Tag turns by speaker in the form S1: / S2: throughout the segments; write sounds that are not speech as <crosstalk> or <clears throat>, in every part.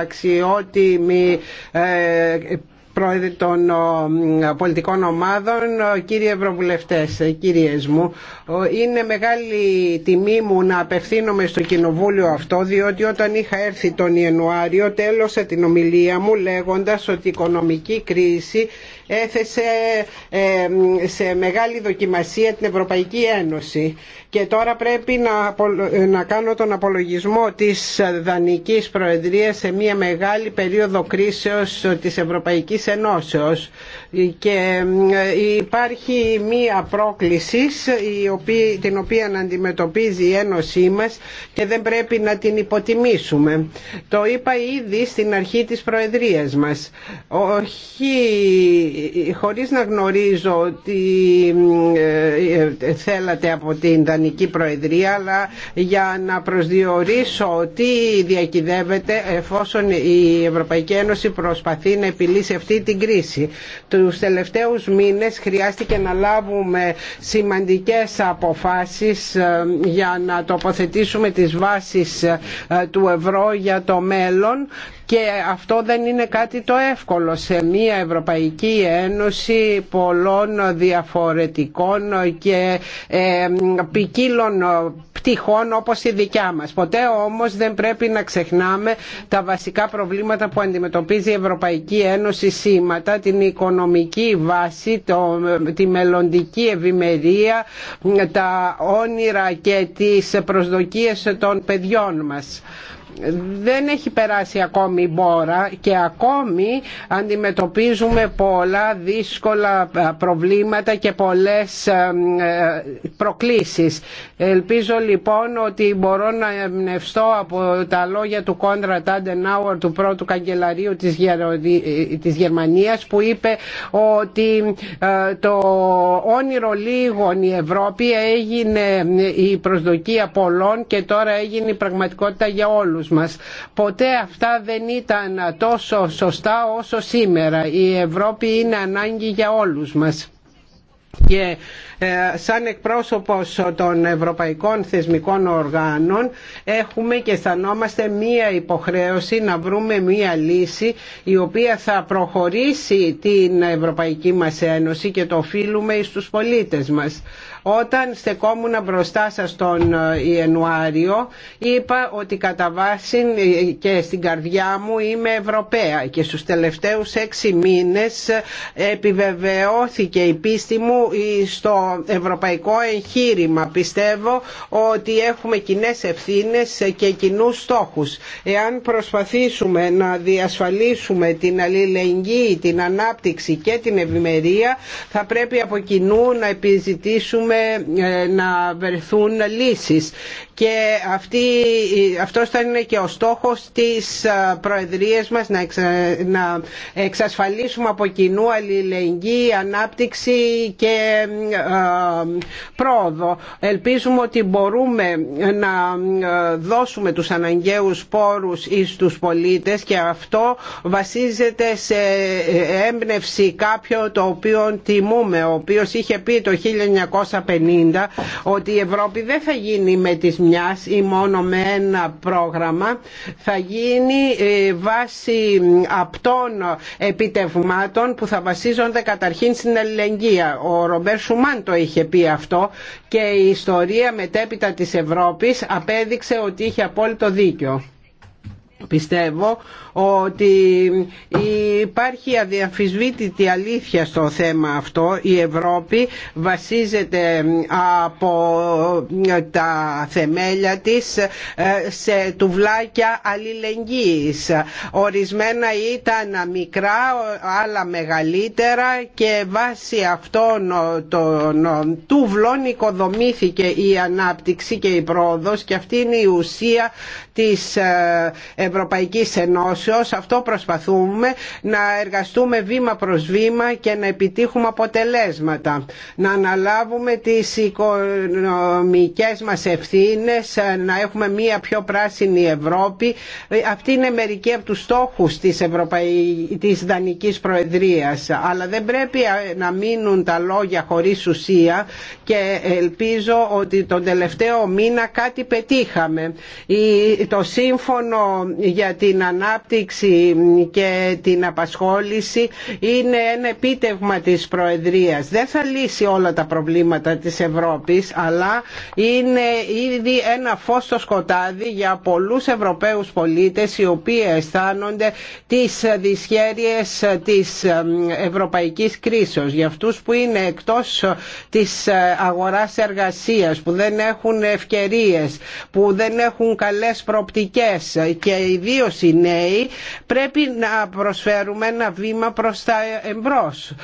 S1: αξιότιμη ε, πρόεδρε των πολιτικών ομάδων, κύριοι Ευρωβουλευτές, ε, κυρίες μου. Είναι μεγάλη τιμή μου να απευθύνομαι στο κοινοβούλιο αυτό, διότι όταν είχα έρθει τον Ιανουάριο τέλωσα την ομιλία μου λέγοντας ότι η οικονομική κρίση έθεσε σε μεγάλη δοκιμασία την Ευρωπαϊκή Ένωση και τώρα πρέπει να κάνω τον απολογισμό της Δανικής Προεδρίας σε μια μεγάλη περίοδο κρίσεως της Ευρωπαϊκής Ενώσεως και υπάρχει μία πρόκληση την οποία αντιμετωπίζει η Ένωσή μας και δεν πρέπει να την υποτιμήσουμε. Το είπα ήδη στην αρχή της Προεδρίας μας. Όχι ε, χωρίς να γνωρίζω τι ε, θέλατε από την Δανική Προεδρία αλλά για να προσδιορίσω τι διακυδεύεται εφόσον η Ευρωπαϊκή Ένωση προσπαθεί να επιλύσει αυτή την κρίση. Τους τελευταίους μήνες χρειάστηκε να λάβουμε σημαντικές αποφάσεις ε, για να τοποθετήσουμε τις βάσεις του ευρώ για το μέλλον και αυτό δεν είναι κάτι το εύκολο σε μια Ευρωπαϊκή Ένωση πολλών διαφορετικών και ποικίλων πτυχών όπως η δικιά μας. Ποτέ όμως δεν πρέπει να ξεχνάμε τα βασικά προβλήματα που αντιμετωπίζει η Ευρωπαϊκή Ένωση σήματα, την οικονομική βάση, το, τη μελλοντική ευημερία, τα όνειρα και τις προσδοκίες των παιδιών μας δεν έχει περάσει ακόμη η μπόρα και ακόμη αντιμετωπίζουμε πολλά δύσκολα ε, προβλήματα και πολλές ε, ε, προκλήσεις. Ελπίζω λοιπόν ότι μπορώ να εμπνευστώ από τα λόγια του Κόντρα Τάντενάουερ του πρώτου καγκελαρίου της, της Γερμανίας που είπε ότι το όνειρο λίγων η Ευρώπη έγινε η προσδοκία πολλών και τώρα έγινε η πραγματικότητα για όλους Ποτέ αυτά δεν ήταν τόσο σωστά όσο σήμερα. Η Ευρώπη είναι ανάγκη για όλους μας. Και ε, σαν εκπρόσωπος των ευρωπαϊκών θεσμικών οργάνων έχουμε και αισθανόμαστε μία υποχρέωση να βρούμε μία λύση η οποία θα προχωρήσει την Ευρωπαϊκή μας Ένωση και το οφείλουμε στους πολίτες μας. Όταν στεκόμουν μπροστά σας τον ε, Ιανουάριο είπα ότι κατά βάση ε, και στην καρδιά μου είμαι Ευρωπαία και στους τελευταίους έξι μήνες επιβεβαιώθηκε η πίστη μου στο ευρωπαϊκό εγχείρημα. Πιστεύω ότι έχουμε κοινέ ευθύνε και κοινού στόχους. Εάν προσπαθήσουμε να διασφαλίσουμε την αλληλεγγύη, την ανάπτυξη και την ευημερία θα πρέπει από κοινού να επιζητήσουμε ε, να βρεθούν λύσεις και αυτή, αυτός θα είναι και ο στόχος της ε, Προεδρίας μας να, να εξασφαλίσουμε από κοινού αλληλεγγύη, ανάπτυξη και ε, πρόοδο. Ελπίζουμε ότι μπορούμε να ε, δώσουμε τους αναγκαίους πόρους εις τους πολίτες και αυτό βασίζεται σε έμπνευση κάποιο το οποίο τιμούμε, ο οποίος είχε πει το 1950 ότι η Ευρώπη δεν θα γίνει με τις μιας ή μόνο με ένα πρόγραμμα θα γίνει ε, βάση απτών επιτευμάτων που θα βασίζονται καταρχήν στην ελληνική. Ο Ρομπέρ Σουμάν το είχε πει αυτό και η ιστορία μετέπειτα της Ευρώπης απέδειξε ότι είχε απόλυτο δίκιο. Πιστεύω ότι υπάρχει αδιαφυσβήτητη αλήθεια στο θέμα αυτό. Η Ευρώπη βασίζεται ε, από ε, τα θεμέλια της ε, σε τουβλάκια αλληλεγγύης. Ορισμένα ήταν μικρά, άλλα μεγαλύτερα και βάσει αυτών των τουβλών οικοδομήθηκε η ανάπτυξη και η πρόοδος και αυτή είναι η ουσία της ε, Ευρωπαϊκής Ενώσεως. Αυτό προσπαθούμε να εργαστούμε βήμα προς βήμα και να επιτύχουμε αποτελέσματα. Να αναλάβουμε τις οικονομικές μας ευθύνες, ε, να έχουμε μία πιο πράσινη Ευρώπη. Ε, αυτή είναι μερική από τους στόχους της, Ευρωπαϊ... της Δανικής Προεδρίας. Αλλά δεν πρέπει να μείνουν τα λόγια χωρίς ουσία και ελπίζω ότι τον τελευταίο μήνα κάτι πετύχαμε το σύμφωνο για την ανάπτυξη και την απασχόληση είναι ένα επίτευγμα της Προεδρίας. Δεν θα λύσει όλα τα προβλήματα της Ευρώπης, αλλά είναι ήδη ένα φως στο σκοτάδι για πολλούς Ευρωπαίους πολίτες οι οποίοι αισθάνονται τις δυσχέρειες της ευρωπαϊκής κρίσεως. Για αυτούς που είναι εκτός της ε, αγοράς εργασίας, που δεν έχουν ευκαιρίες, που δεν έχουν καλές και ιδίω οι νέοι πρέπει να προσφέρουμε ένα βήμα προς τα εμπρός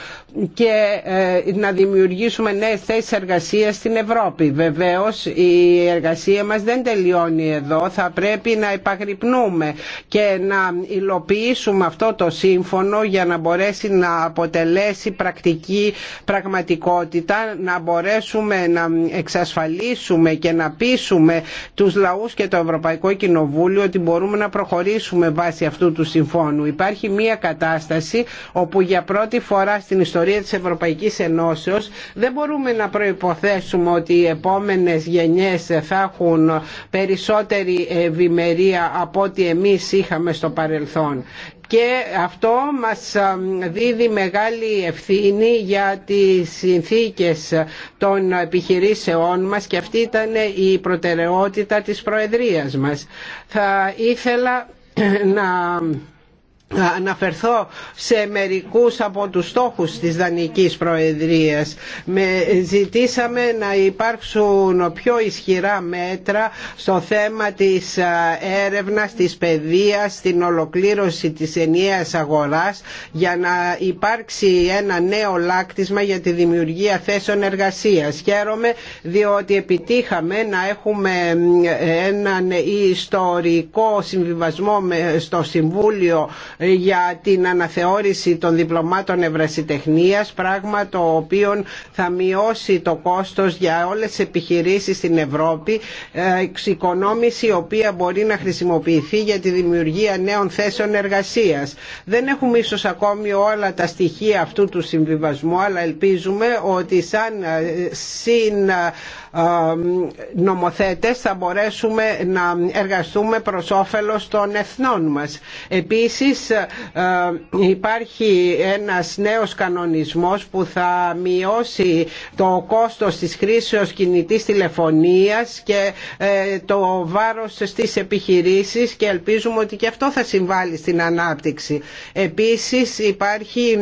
S1: και ε, να δημιουργήσουμε νέες θέσεις εργασίας στην Ευρώπη. Βεβαίως η εργασία μας δεν τελειώνει εδώ, θα πρέπει να επαγρυπνούμε και να υλοποιήσουμε αυτό το σύμφωνο για να μπορέσει να αποτελέσει πρακτική πραγματικότητα, να μπορέσουμε να εξασφαλίσουμε και να πείσουμε τους λαούς και το Ευρωπαϊκό Κοινοβούλιο ότι μπορούμε να προχωρήσουμε βάσει αυτού του συμφώνου. Υπάρχει μια κατάσταση όπου για πρώτη φορά στην ιστορία της Ευρωπαϊκής Ενώσεως δεν μπορούμε να προϋποθέσουμε ότι οι επόμενες γενιές θα έχουν περισσότερη ευημερία από ό,τι εμείς είχαμε στο παρελθόν και αυτό μας δίδει μεγάλη ευθύνη για τις συνθήκες των επιχειρήσεών μας και αυτή ήταν η προτεραιότητα της Προεδρίας μας. Θα ήθελα να αναφερθώ σε μερικούς από τους στόχους της Δανικής Προεδρίας. Με ζητήσαμε να υπάρξουν πιο ισχυρά μέτρα στο θέμα της έρευνας, της παιδείας, στην ολοκλήρωση της ενιαίας αγοράς για να υπάρξει ένα νέο λάκτισμα για τη δημιουργία θέσεων εργασίας. Χαίρομαι διότι επιτύχαμε να έχουμε έναν ιστορικό συμβιβασμό στο Συμβούλιο για την αναθεώρηση των διπλωμάτων ευρασιτεχνίας πράγμα το οποίο θα μειώσει το κόστος για όλες τις επιχειρήσεις στην Ευρώπη ε, εξοικονόμηση η οποία μπορεί να χρησιμοποιηθεί για τη δημιουργία νέων θέσεων εργασίας. Δεν έχουμε ίσως ακόμη όλα τα στοιχεία αυτού του συμβιβασμού αλλά ελπίζουμε ότι σαν ε, συν ε, νομοθέτες θα μπορέσουμε να εργαστούμε προς όφελος των εθνών μας. Επίσης ε, υπάρχει ένας νέος κανονισμός που θα μειώσει το κόστος της χρήσεως κινητής τηλεφωνίας και ε, το βάρος στις επιχειρήσεις και ελπίζουμε ότι και αυτό θα συμβάλλει στην ανάπτυξη. Επίσης υπάρχει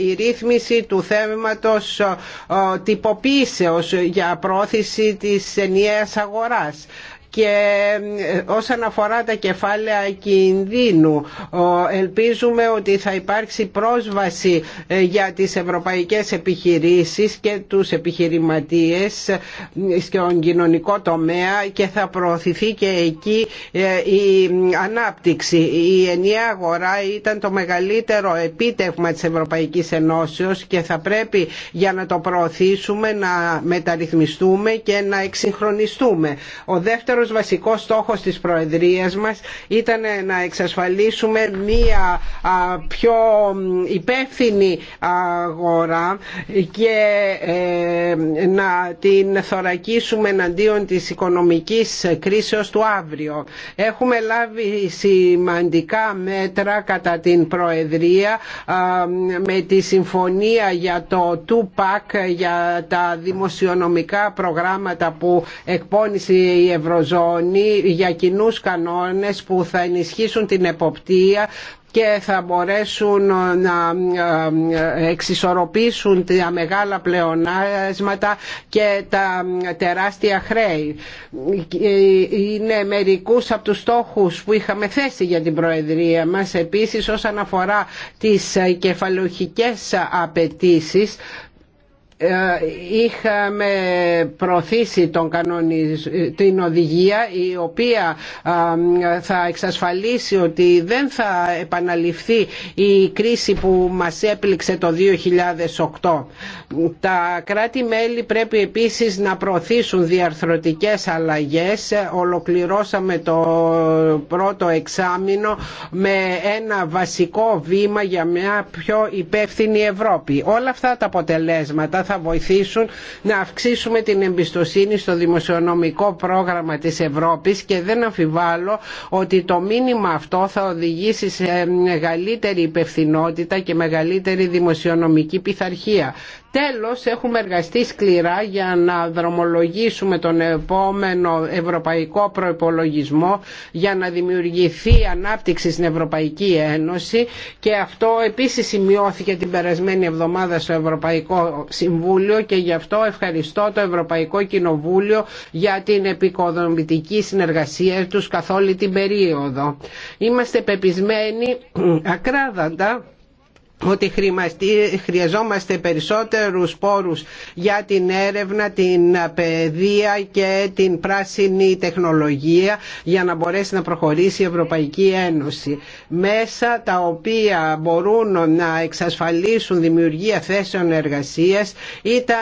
S1: ε, η ρύθμιση του θέματος τυποποίησεως για πρόθεση της ενιαίας αγοράς και ε, όσον αφορά τα κεφάλαια κινδύνου ελπίζουμε ότι θα υπάρξει πρόσβαση ε, για τις ευρωπαϊκές επιχειρήσεις και τους επιχειρηματίες ε, στον κοινωνικό τομέα και θα προωθηθεί και εκεί η ανάπτυξη. Η ενιαία αγορά ήταν το μεγαλύτερο επίτευγμα της Ευρωπαϊκής Ενώσεως και θα πρέπει για να το προωθήσουμε να μεταρρυθμιστούμε και να εξυγχρονιστούμε. Ο δεύτερος δεύτερος βασικός στόχος της Προεδρίας μας ήταν να εξασφαλίσουμε μία πιο υπεύθυνη αγορά και ε, να την θωρακίσουμε εναντίον της οικονομικής κρίσεως του αύριο. Έχουμε λάβει σημαντικά μέτρα κατά την Προεδρία με τη συμφωνία για το 2 για τα δημοσιονομικά προγράμματα που εκπώνησε η Ευρωζώνη ζώνη για κοινού κανόνες που θα ενισχύσουν την εποπτεία και θα μπορέσουν να ε, εξισορροπήσουν τα μεγάλα πλεονάσματα και τα τεράστια χρέη. Είναι μερικούς από τους στόχους που είχαμε θέσει για την Προεδρία μας. Επίσης όσον αφορά τις κεφαλαιοχικές απαιτήσει ε, είχαμε προωθήσει τον κανονισ... την οδηγία η οποία θα εξασφαλίσει ότι δεν θα επαναληφθεί η κρίση που μας έπληξε το 2008. Τα κράτη-μέλη πρέπει επίσης να προωθήσουν διαρθρωτικές αλλαγές. Ολοκληρώσαμε το πρώτο εξάμεινο με ένα βασικό βήμα για μια πιο υπεύθυνη Ευρώπη. Όλα αυτά τα αποτελέσματα θα βοηθήσουν να αυξήσουμε την εμπιστοσύνη στο δημοσιονομικό πρόγραμμα της Ευρώπης και δεν αμφιβάλλω ότι το μήνυμα αυτό θα οδηγήσει σε μεγαλύτερη υπευθυνότητα και μεγαλύτερη δημοσιονομική πειθαρχία Τέλος, έχουμε εργαστεί σκληρά για να δρομολογήσουμε τον επόμενο ευρωπαϊκό προϋπολογισμό για να δημιουργηθεί ανάπτυξη στην Ευρωπαϊκή Ένωση και αυτό επίσης σημειώθηκε την περασμένη εβδομάδα στο Ευρωπαϊκό Συμβούλιο και γι' αυτό ευχαριστώ το Ευρωπαϊκό Κοινοβούλιο για την επικοδομητική συνεργασία τους καθ' όλη την περίοδο. Είμαστε πεπισμένοι <clears throat> ακράδαντα ότι χρειαζόμαστε περισσότερους πόρους για την έρευνα, την παιδεία και την πράσινη τεχνολογία για να μπορέσει να προχωρήσει η Ευρωπαϊκή Ένωση. Μέσα τα οποία μπορούν να εξασφαλίσουν δημιουργία θέσεων εργασίας ήταν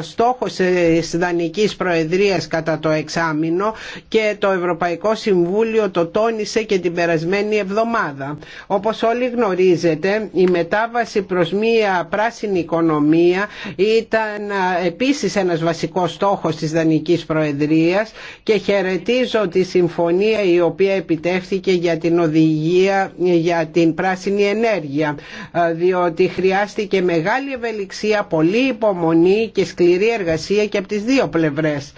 S1: στόχος της Δανικής Προεδρίας κατά το εξάμεινο και το Ευρωπαϊκό Συμβούλιο το τόνισε και την περασμένη εβδομάδα. Όπως όλοι γνωρίζετε, η μετάβαση προς μία πράσινη οικονομία ήταν επίσης ένας βασικός στόχος της Δανικής Προεδρίας και χαιρετίζω τη συμφωνία η οποία επιτεύχθηκε για την οδηγία για την πράσινη ενέργεια διότι χρειάστηκε μεγάλη ευελιξία, πολλή υπομονή και σκληρή εργασία και από τις δύο πλευρές.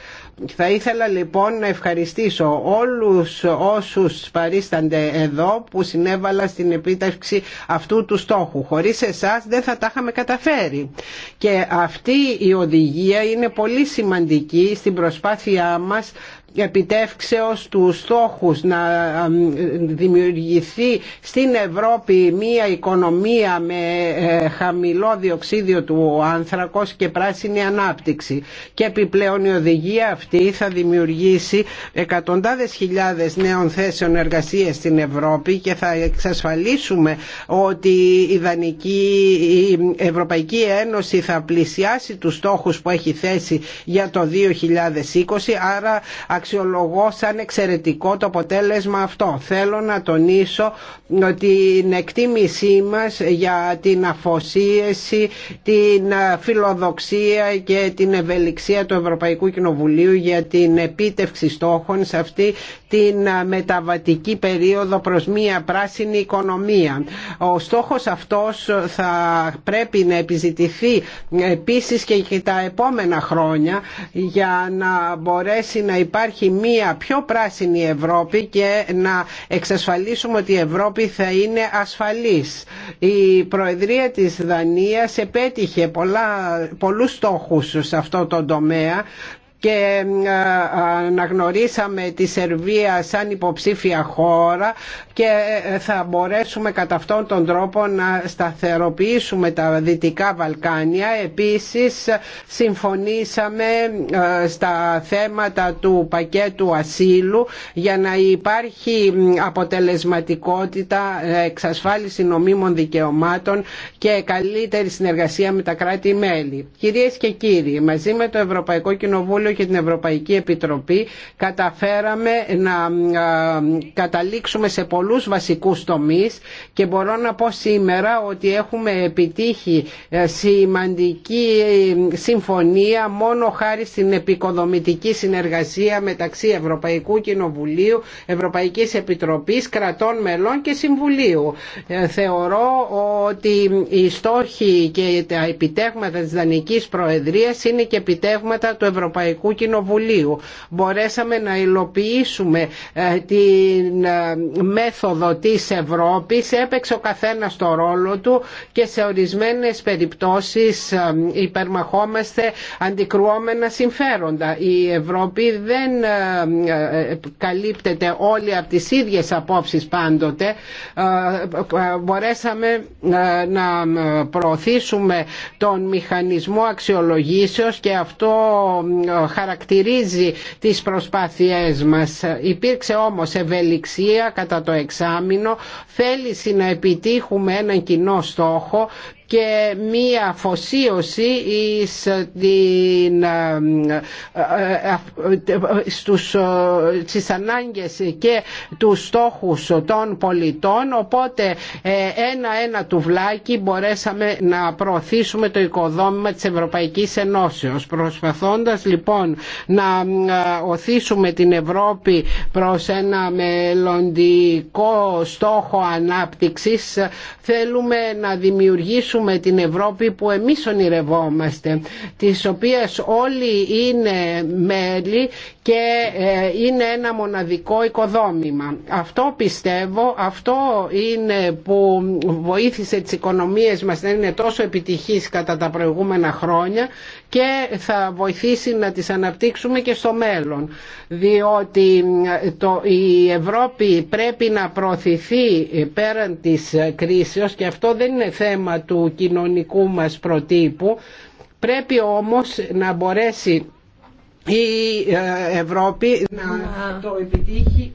S1: Θα ήθελα λοιπόν να ευχαριστήσω όλους όσους παρίστανται εδώ που συνέβαλα στην επίταξη αυτού του στόχου. Χωρίς εσάς δεν θα τα είχαμε καταφέρει. Και αυτή η οδηγία είναι πολύ σημαντική στην προσπάθειά μας επιτεύξεως του στόχους να δημιουργηθεί στην Ευρώπη μία οικονομία με ε, χαμηλό διοξίδιο του άνθρακος και πράσινη ανάπτυξη και επιπλέον η οδηγία αυτή θα δημιουργήσει εκατοντάδες χιλιάδες νέων θέσεων εργασίας στην Ευρώπη και θα εξασφαλίσουμε ότι η, Δανική, Ευρωπαϊκή Ένωση θα πλησιάσει τους στόχους που έχει θέσει για το 2020 αξιολογώ σαν εξαιρετικό το αποτέλεσμα αυτό. Θέλω να τονίσω την εκτίμησή μας για την αφοσίεση, την φιλοδοξία και την ευελιξία του Ευρωπαϊκού Κοινοβουλίου για την επίτευξη στόχων σε αυτή την μεταβατική περίοδο προς μία πράσινη οικονομία. Ο στόχος αυτός θα πρέπει να επιζητηθεί επίσης και τα επόμενα χρόνια για να μπορέσει να υπάρχει υπάρχει μία πιο πράσινη Ευρώπη και να εξασφαλίσουμε ότι η Ευρώπη θα είναι ασφαλής. Η Προεδρία της Δανίας επέτυχε πολλά, πολλούς στόχους σε αυτό το τομέα και ε, αναγνωρίσαμε τη Σερβία σαν υποψήφια χώρα και ε, θα μπορέσουμε κατά αυτόν τον τρόπο να σταθεροποιήσουμε τα Δυτικά Βαλκάνια. Επίσης συμφωνήσαμε ε, στα θέματα του πακέτου ασύλου για να υπάρχει αποτελεσματικότητα, εξασφάλιση νομίμων δικαιωμάτων και καλύτερη συνεργασία με τα κράτη-μέλη. Κυρίες και κύριοι, μαζί με το Ευρωπαϊκό Κοινοβούλιο και την Ευρωπαϊκή Επιτροπή καταφέραμε να καταλήξουμε σε πολλούς βασικούς τομείς και μπορώ να πω σήμερα ότι έχουμε επιτύχει ε, σημαντική ε, συμφωνία μόνο χάρη στην επικοδομητική συνεργασία μεταξύ Ευρωπαϊκού Κοινοβουλίου, Ευρωπαϊκής Επιτροπής, κρατών μελών και Συμβουλίου. Ε, θεωρώ ότι οι στόχοι και τα επιτεύγματα της Δανικής Προεδρίας είναι και επιτεύγματα του Ευρωπαϊκού Ευρωπαϊκού Μπορέσαμε να υλοποιήσουμε ε, την ε, μέθοδο της Ευρώπης, έπαιξε ο καθένας το ρόλο του και σε ορισμένες περιπτώσεις ε, υπερμαχόμαστε αντικρουόμενα συμφέροντα. Η Ευρώπη δεν καλύπτεται όλοι από τις ίδιες απόψεις πάντοτε. Μπορέσαμε να προωθήσουμε τον μηχανισμό αξιολογήσεως και αυτό χαρακτηρίζει τις προσπάθειές μας. Υπήρξε όμως ευελιξία κατά το εξάμεινο, θέληση να επιτύχουμε έναν κοινό στόχο και μία αφοσίωση εις ε, ε, ε, στις ανάγκες και τους στόχους των πολιτών οπότε ένα-ένα τουβλάκι μπορέσαμε να προωθήσουμε το οικοδόμημα της Ευρωπαϊκής Ενώσεως προσπαθώντας λοιπόν να οθήσουμε την Ευρώπη προς ένα μελλοντικό στόχο ανάπτυξης θέλουμε να δημιουργήσουμε με την Ευρώπη που εμείς ονειρευόμαστε, της οποίας όλοι είναι μέλη και ε, είναι ένα μοναδικό οικοδόμημα. Αυτό πιστεύω, αυτό είναι που βοήθησε τις οικονομίες μας να είναι τόσο επιτυχής κατά τα προηγούμενα χρόνια και θα βοηθήσει να τις αναπτύξουμε και στο μέλλον διότι ε, το, η Ευρώπη πρέπει να προωθηθεί πέραν της ε, κρίσεως και αυτό δεν είναι θέμα του κοινωνικού μας προτύπου πρέπει όμως να μπορέσει η ε, Ευρώπη το επιτύχει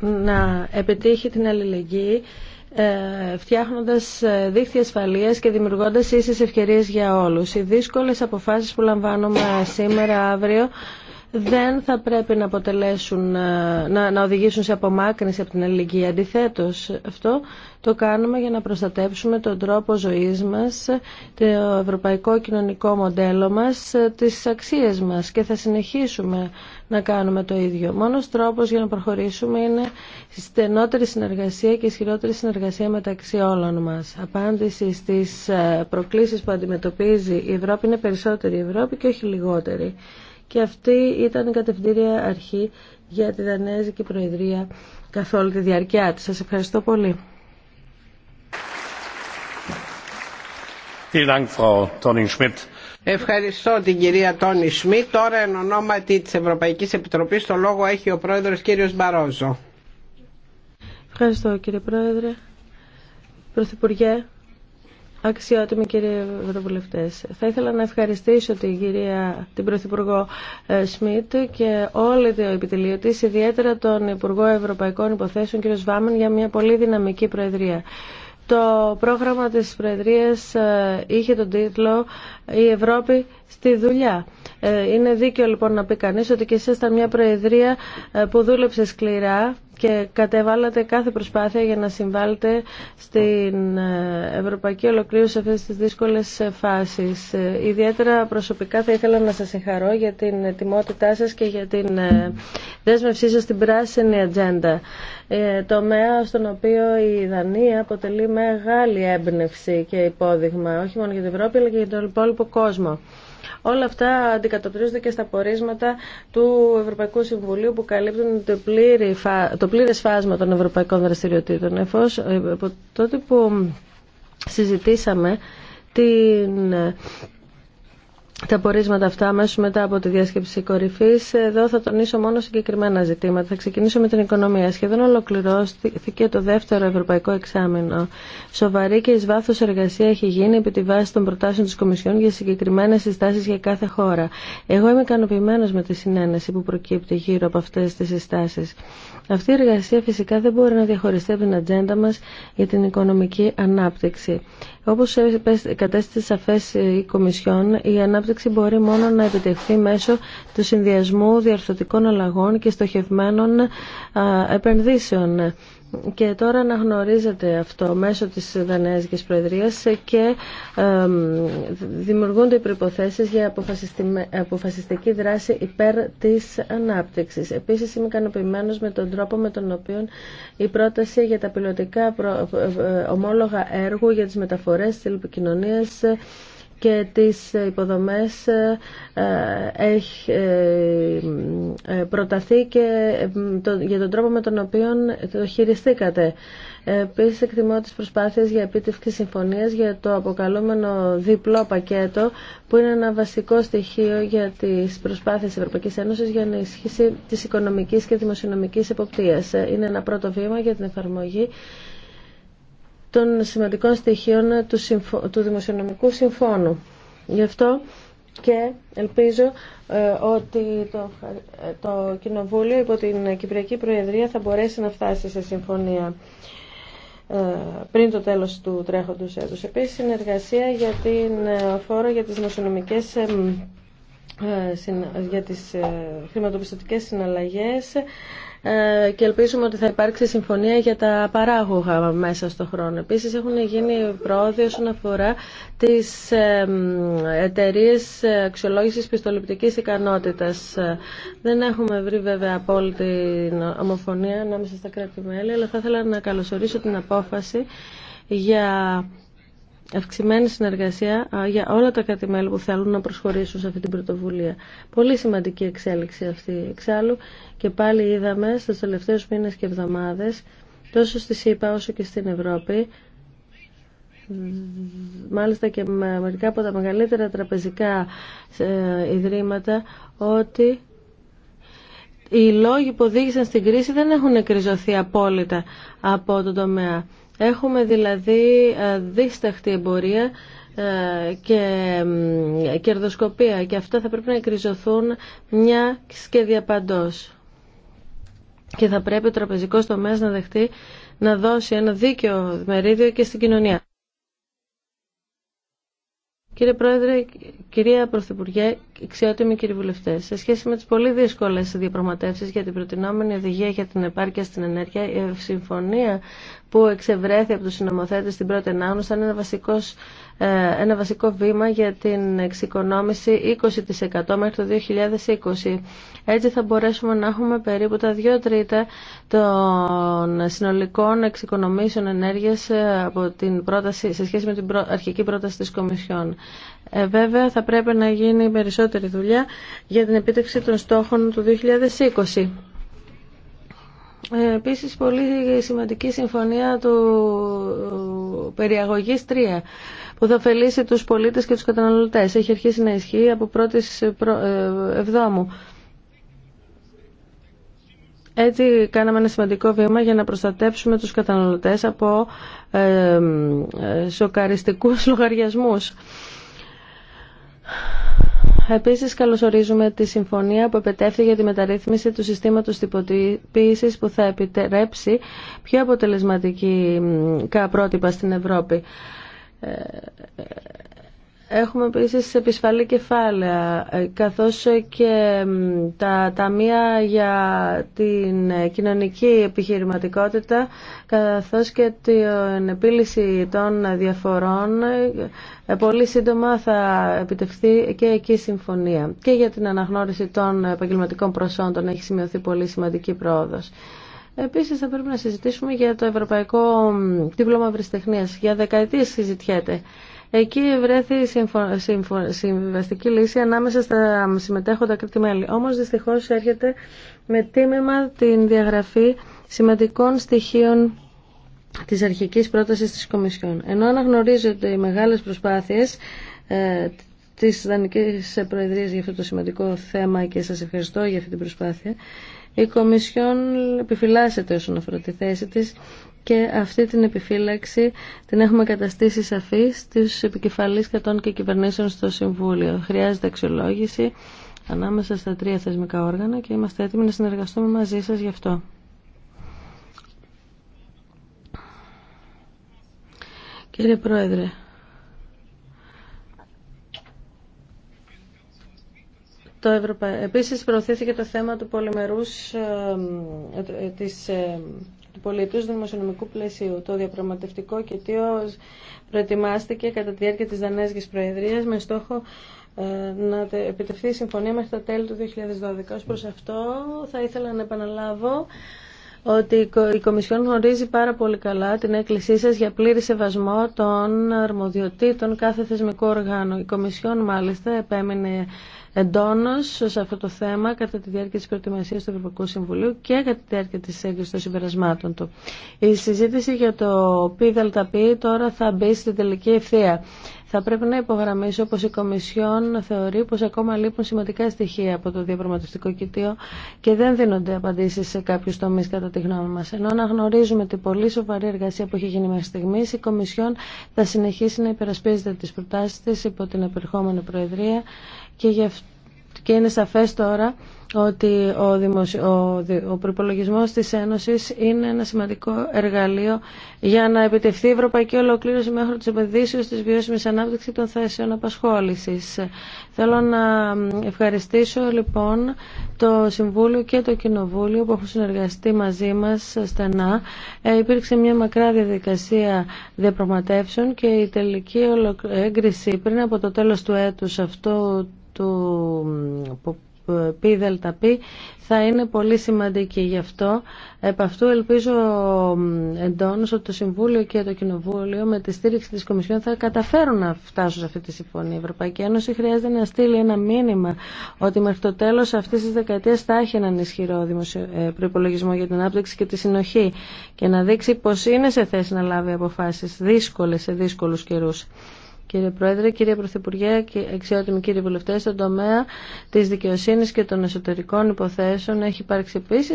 S2: να επιτύχει την αλληλεγγύη ε, φτιάχνοντας ε, δίχτυα ασφαλείας και δημιουργώντας ίσες ευκαιρίες για όλους. Οι δύσκολες αποφάσεις που λαμβάνουμε σήμερα, αύριο, δεν θα πρέπει να αποτελέσουν, ε, να, να οδηγήσουν σε απομάκρυνση από την αλληλεγγύη. Αντιθέτω, αυτό το κάνουμε για να προστατεύσουμε τον τρόπο ζωή μα, το ευρωπαϊκό κοινωνικό μοντέλο μας, ε, τις αξίες μα και θα συνεχίσουμε να κάνουμε το ίδιο. Μόνο τρόπος για να προχωρήσουμε είναι στενότερη συνεργασία και ισχυρότερη συνεργασία μεταξύ όλων μα. Απάντηση στι ε, προκλήσει που αντιμετωπίζει η Ευρώπη είναι περισσότερη η Ευρώπη και όχι λιγότερη και αυτή ήταν η κατευθυντήρια αρχή για τη Δανέζικη Προεδρία καθ' όλη τη διάρκεια της. Σας ευχαριστώ πολύ.
S1: Ευχαριστώ την κυρία Τόνι Σμιτ. Τώρα εν ονόματι της Ευρωπαϊκής Επιτροπής το λόγο έχει ο πρόεδρος κύριος Μπαρόζο.
S2: Ευχαριστώ κύριε πρόεδρε. Πρωθυπουργέ, Αξιότιμοι κύριε Ευρωβουλευτέ, θα ήθελα να ευχαριστήσω την κυρία την Πρωθυπουργό ε, Σμιτ και όλη το επιτελείο τη, ιδιαίτερα τον Υπουργό Ευρωπαϊκών Υποθέσεων κύριο Σβάμεν, για μια πολύ δυναμική Προεδρία. Το πρόγραμμα της Προεδρίας ε, είχε τον τίτλο «Η Ευρώπη στη δουλειά». Ε, είναι δίκαιο λοιπόν να πει κανείς ότι και εσείς ήταν μια Προεδρία που δούλεψε σκληρά και κατεβάλλατε κάθε προσπάθεια για να συμβάλλετε στην ε, ευρωπαϊκή ολοκλήρωση σε αυτές τις δύσκολες ε, φάσεις. Ε, ιδιαίτερα προσωπικά θα ήθελα να σας ευχαρώ για την ετοιμότητά σας και για την δέσμευσή σας στην πράσινη ατζέντα. Ε, τομέα στον οποίο η Δανία αποτελεί μεγάλη έμπνευση και υπόδειγμα, όχι μόνο για την Ευρώπη αλλά και για τον υπόλοιπο κόσμο. Όλα αυτά αντικατοπτρίζονται και στα πορίσματα του Ευρωπαϊκού Συμβουλίου που καλύπτουν το, πλήρη, το πλήρες φάσμα των ευρωπαϊκών δραστηριοτήτων. Εφώς, ε, από τότε που συζητήσαμε την τα πορίσματα αυτά αμέσω μετά από τη διάσκεψη κορυφή. Εδώ θα τονίσω μόνο συγκεκριμένα ζητήματα. Θα ξεκινήσω με την οικονομία. Σχεδόν ολοκληρώθηκε το δεύτερο ευρωπαϊκό εξάμεινο. Σοβαρή και ει βάθο εργασία έχει γίνει επί τη βάση των προτάσεων τη Κομισιόν για συγκεκριμένε συστάσει για κάθε χώρα. Εγώ είμαι ικανοποιημένο με τη συνένεση που προκύπτει γύρω από αυτέ τι συστάσει. Αυτή η εργασία φυσικά δεν μπορεί να διαχωριστεί από την ατζέντα μας για την οικονομική ανάπτυξη. Όπως κατέστησε σαφές η Κομισιόν, η ανάπτυξη μπορεί μόνο να επιτευχθεί μέσω του συνδυασμού διαρθωτικών αλλαγών και στοχευμένων επενδύσεων και τώρα γνωρίζετε αυτό μέσω της Δανέζικης Προεδρίας και δημιουργούνται οι προϋποθέσεις για αποφασιστική δράση υπέρ της ανάπτυξης. Επίσης είμαι ικανοποιημένο με τον τρόπο με τον οποίο η πρόταση για τα πιλωτικά ε, ε, ομόλογα έργου για τις μεταφορές της επικοινωνίας και τις υποδομές ε, έχει ε, προταθεί και ε, για τον τρόπο με τον οποίο το χειριστήκατε. Επίσης εκτιμώ τις προσπάθειες για επίτευξη συμφωνίας για το αποκαλούμενο διπλό πακέτο που είναι ένα βασικό στοιχείο για τις προσπάθειες της Ευρωπαϊκής Ένωσης για ενίσχυση της οικονομικής και δημοσιονομικής εποπτείας. Είναι ένα πρώτο βήμα για την εφαρμογή των σημαντικών στοιχείων του, του Δημοσιονομικού Συμφώνου. Γι' αυτό και ελπίζω ε, ότι το, ε, το Κοινοβούλιο υπό την Κυπριακή Προεδρία θα μπορέσει να φτάσει σε συμφωνία ε, πριν το τέλος του τρέχοντος έτους. Επίσης, συνεργασία για την φόρο για τις δημοσιονομικές για τις χρηματοπιστωτικές συναλλαγές ε, και ελπίζουμε ότι θα υπάρξει συμφωνία για τα παράγωγα μέσα στο χρόνο. Επίσης έχουν γίνει πρόοδοι όσον αφορά τις ε, εταιρείε αξιολόγησης πιστοληπτικής ικανότητας. Δεν έχουμε βρει βέβαια απόλυτη ομοφωνία ανάμεσα στα κράτη-μέλη, αλλά θα ήθελα να καλωσορίσω την απόφαση για αυξημένη συνεργασία για όλα τα κάτι που θέλουν να προσχωρήσουν σε αυτή την πρωτοβουλία. Πολύ σημαντική εξέλιξη αυτή εξάλλου και πάλι είδαμε στους τελευταίους μήνες και εβδομάδες τόσο στη ΣΥΠΑ όσο και στην Ευρώπη μάλιστα και με μερικά από τα μεγαλύτερα τραπεζικά ε, ιδρύματα ότι οι λόγοι που οδήγησαν στην κρίση δεν έχουν εκκριζωθεί απόλυτα από τον τομέα. Έχουμε δηλαδή ε, δίσταχτη εμπορία ε, και κερδοσκοπία και αυτά θα πρέπει να εκκριζωθούν μια και παντός. Και θα πρέπει ο τραπεζικός τομέας να δεχτεί να δώσει ένα δίκαιο μερίδιο και στην κοινωνία. Κύριε Πρόεδρε, κυρία Πρωθυπουργέ, αξιότιμοι κύριοι βουλευτέ, σε σχέση με τι πολύ δύσκολε διαπραγματεύσει για την προτινόμενη οδηγία για την επάρκεια στην ενέργεια, η συμφωνία που εξευρέθη από του συνομοθέτε στην πρώτη ανάγνωση ήταν ένα βασικό ε, ένα βασικό βήμα για την εξοικονόμηση 20% μέχρι το 2020. Έτσι θα μπορέσουμε να έχουμε περίπου τα 2 τρίτα των συνολικών εξοικονομήσεων ενέργειας ε, από την πρόταση, σε σχέση με την αρχική πρόταση της Κομισιόν. Ε, βέβαια θα πρέπει να γίνει περισσότερη δουλειά για την επίτευξη των στόχων του 2020. Ε, επίσης πολύ σημαντική συμφωνία του περιαγωγής 3 που θα ωφελήσει τους πολίτες και τους καταναλωτές. Έχει αρχίσει να ισχύει από πρώτης ε, ε, εβδόμου. Έτσι κάναμε ένα σημαντικό βήμα για να προστατέψουμε τους καταναλωτές από ε, ε, σοκαριστικούς λογαριασμούς. Επίσης καλωσορίζουμε τη συμφωνία που επετέφθη για τη μεταρρύθμιση του συστήματος τυποποίησης που θα επιτρέψει πιο αποτελεσματικά πρότυπα στην Ευρώπη. Έχουμε επίσης επισφαλή κεφάλαια, ε, καθώς και τα ταμεία για την κοινωνική επιχειρηματικότητα, καθώς και την επίλυση των διαφορών. Ε, πολύ σύντομα θα επιτευχθεί και εκεί συμφωνία. Και για την αναγνώριση των επαγγελματικών προσόντων έχει σημειωθεί πολύ σημαντική πρόοδος. Επίσης θα πρέπει να συζητήσουμε για το Ευρωπαϊκό Δίπλωμα βριστεχνίας Για δεκαετίες συζητιέται. Εκεί βρέθη συμφω... Συμφω... συμβιβαστική λύση ανάμεσα στα συμμετέχοντα Όμω, Όμως δυστυχώς έρχεται με τίμημα την διαγραφή σημαντικών στοιχείων τη αρχική πρόταση τη Κομισιόν. Ενώ αναγνωρίζονται οι μεγάλες προσπάθειες ε, της Δανική για αυτό το σημαντικό θέμα και σα ευχαριστώ για αυτή την προσπάθεια, η Κομισιόν επιφυλάσσεται όσον αφορά τη θέση της και αυτή την επιφύλαξη την έχουμε καταστήσει σαφή στους επικεφαλής κατών και κυβερνήσεων στο Συμβούλιο. Χρειάζεται αξιολόγηση ανάμεσα στα τρία θεσμικά όργανα και είμαστε έτοιμοι να συνεργαστούμε μαζί σας γι' αυτό. Κύριε Πρόεδρε, Το Ευρωπα... Επίσης προωθήθηκε το θέμα του πολυμερούς ε, ε, της ε, του πολιτού δημοσιονομικού πλαισίου. Το διαπραγματευτικό κοιτίο προετοιμάστηκε κατά τη διάρκεια της Δανέζικης Προεδρίας με στόχο να επιτευχθεί η συμφωνία μέχρι τα τέλη του 2012. Ως προς αυτό θα ήθελα να επαναλάβω ότι η Κομισιόν γνωρίζει πάρα πολύ καλά την έκκλησή σας για πλήρη σεβασμό των αρμοδιοτήτων κάθε θεσμικού οργάνου. Η Κομισιόν μάλιστα επέμεινε εντόνω σε αυτό το θέμα κατά τη διάρκεια τη προετοιμασία του Ευρωπαϊκού Συμβουλίου και κατά τη διάρκεια τη έγκριση των συμπερασμάτων του. Η συζήτηση για το ΠΔΠ τώρα θα μπει στην τελική ευθεία. Θα πρέπει να υπογραμμίσω πω η Κομισιόν θεωρεί πω ακόμα λείπουν σημαντικά στοιχεία από το διαπραγματευτικό κοιτίο και δεν δίνονται απαντήσει σε κάποιου τομεί κατά τη γνώμη μα. Ενώ αναγνωρίζουμε την πολύ σοβαρή εργασία που έχει γίνει μέχρι στιγμή, η Κομισιόν θα συνεχίσει να υπερασπίζεται τι προτάσει τη υπό την επερχόμενη Προεδρία και, και είναι σαφές τώρα ότι ο, δημοσιο... ο προϋπολογισμός της Ένωσης είναι ένα σημαντικό εργαλείο για να επιτευχθεί η ευρωπαϊκή ολοκλήρωση μέχρι τις επενδύσεις της βιώσιμης ανάπτυξης των θέσεων απασχόλησης. Θέλω να ευχαριστήσω λοιπόν το Συμβούλιο και το Κοινοβούλιο που έχουν συνεργαστεί μαζί μας στενά. Ε, υπήρξε μια μακρά διαδικασία διαπραγματεύσεων και η τελική έγκριση πριν από το τέλος του έτους αυτού του ΠΔΠ θα είναι πολύ σημαντική. Γι' αυτό, επ' αυτού ελπίζω εντόνως ότι το Συμβούλιο και το Κοινοβούλιο με τη στήριξη της Κομισιόν θα καταφέρουν να φτάσουν σε αυτή τη συμφωνία. Η Ευρωπαϊκή Ένωση χρειάζεται να στείλει ένα μήνυμα ότι μέχρι το τέλος αυτής της δεκαετίας θα έχει έναν ισχυρό ε, προπολογισμό για την άπτυξη και τη συνοχή και να δείξει πως είναι σε θέση να λάβει αποφάσεις δύσκολες σε δύσκολους καιρούς. Κύριε Πρόεδρε, κύριε Πρωθυπουργέ και αξιότιμοι κύριοι βουλευτέ, στον τομέα τη δικαιοσύνη και των εσωτερικών υποθέσεων έχει υπάρξει επίση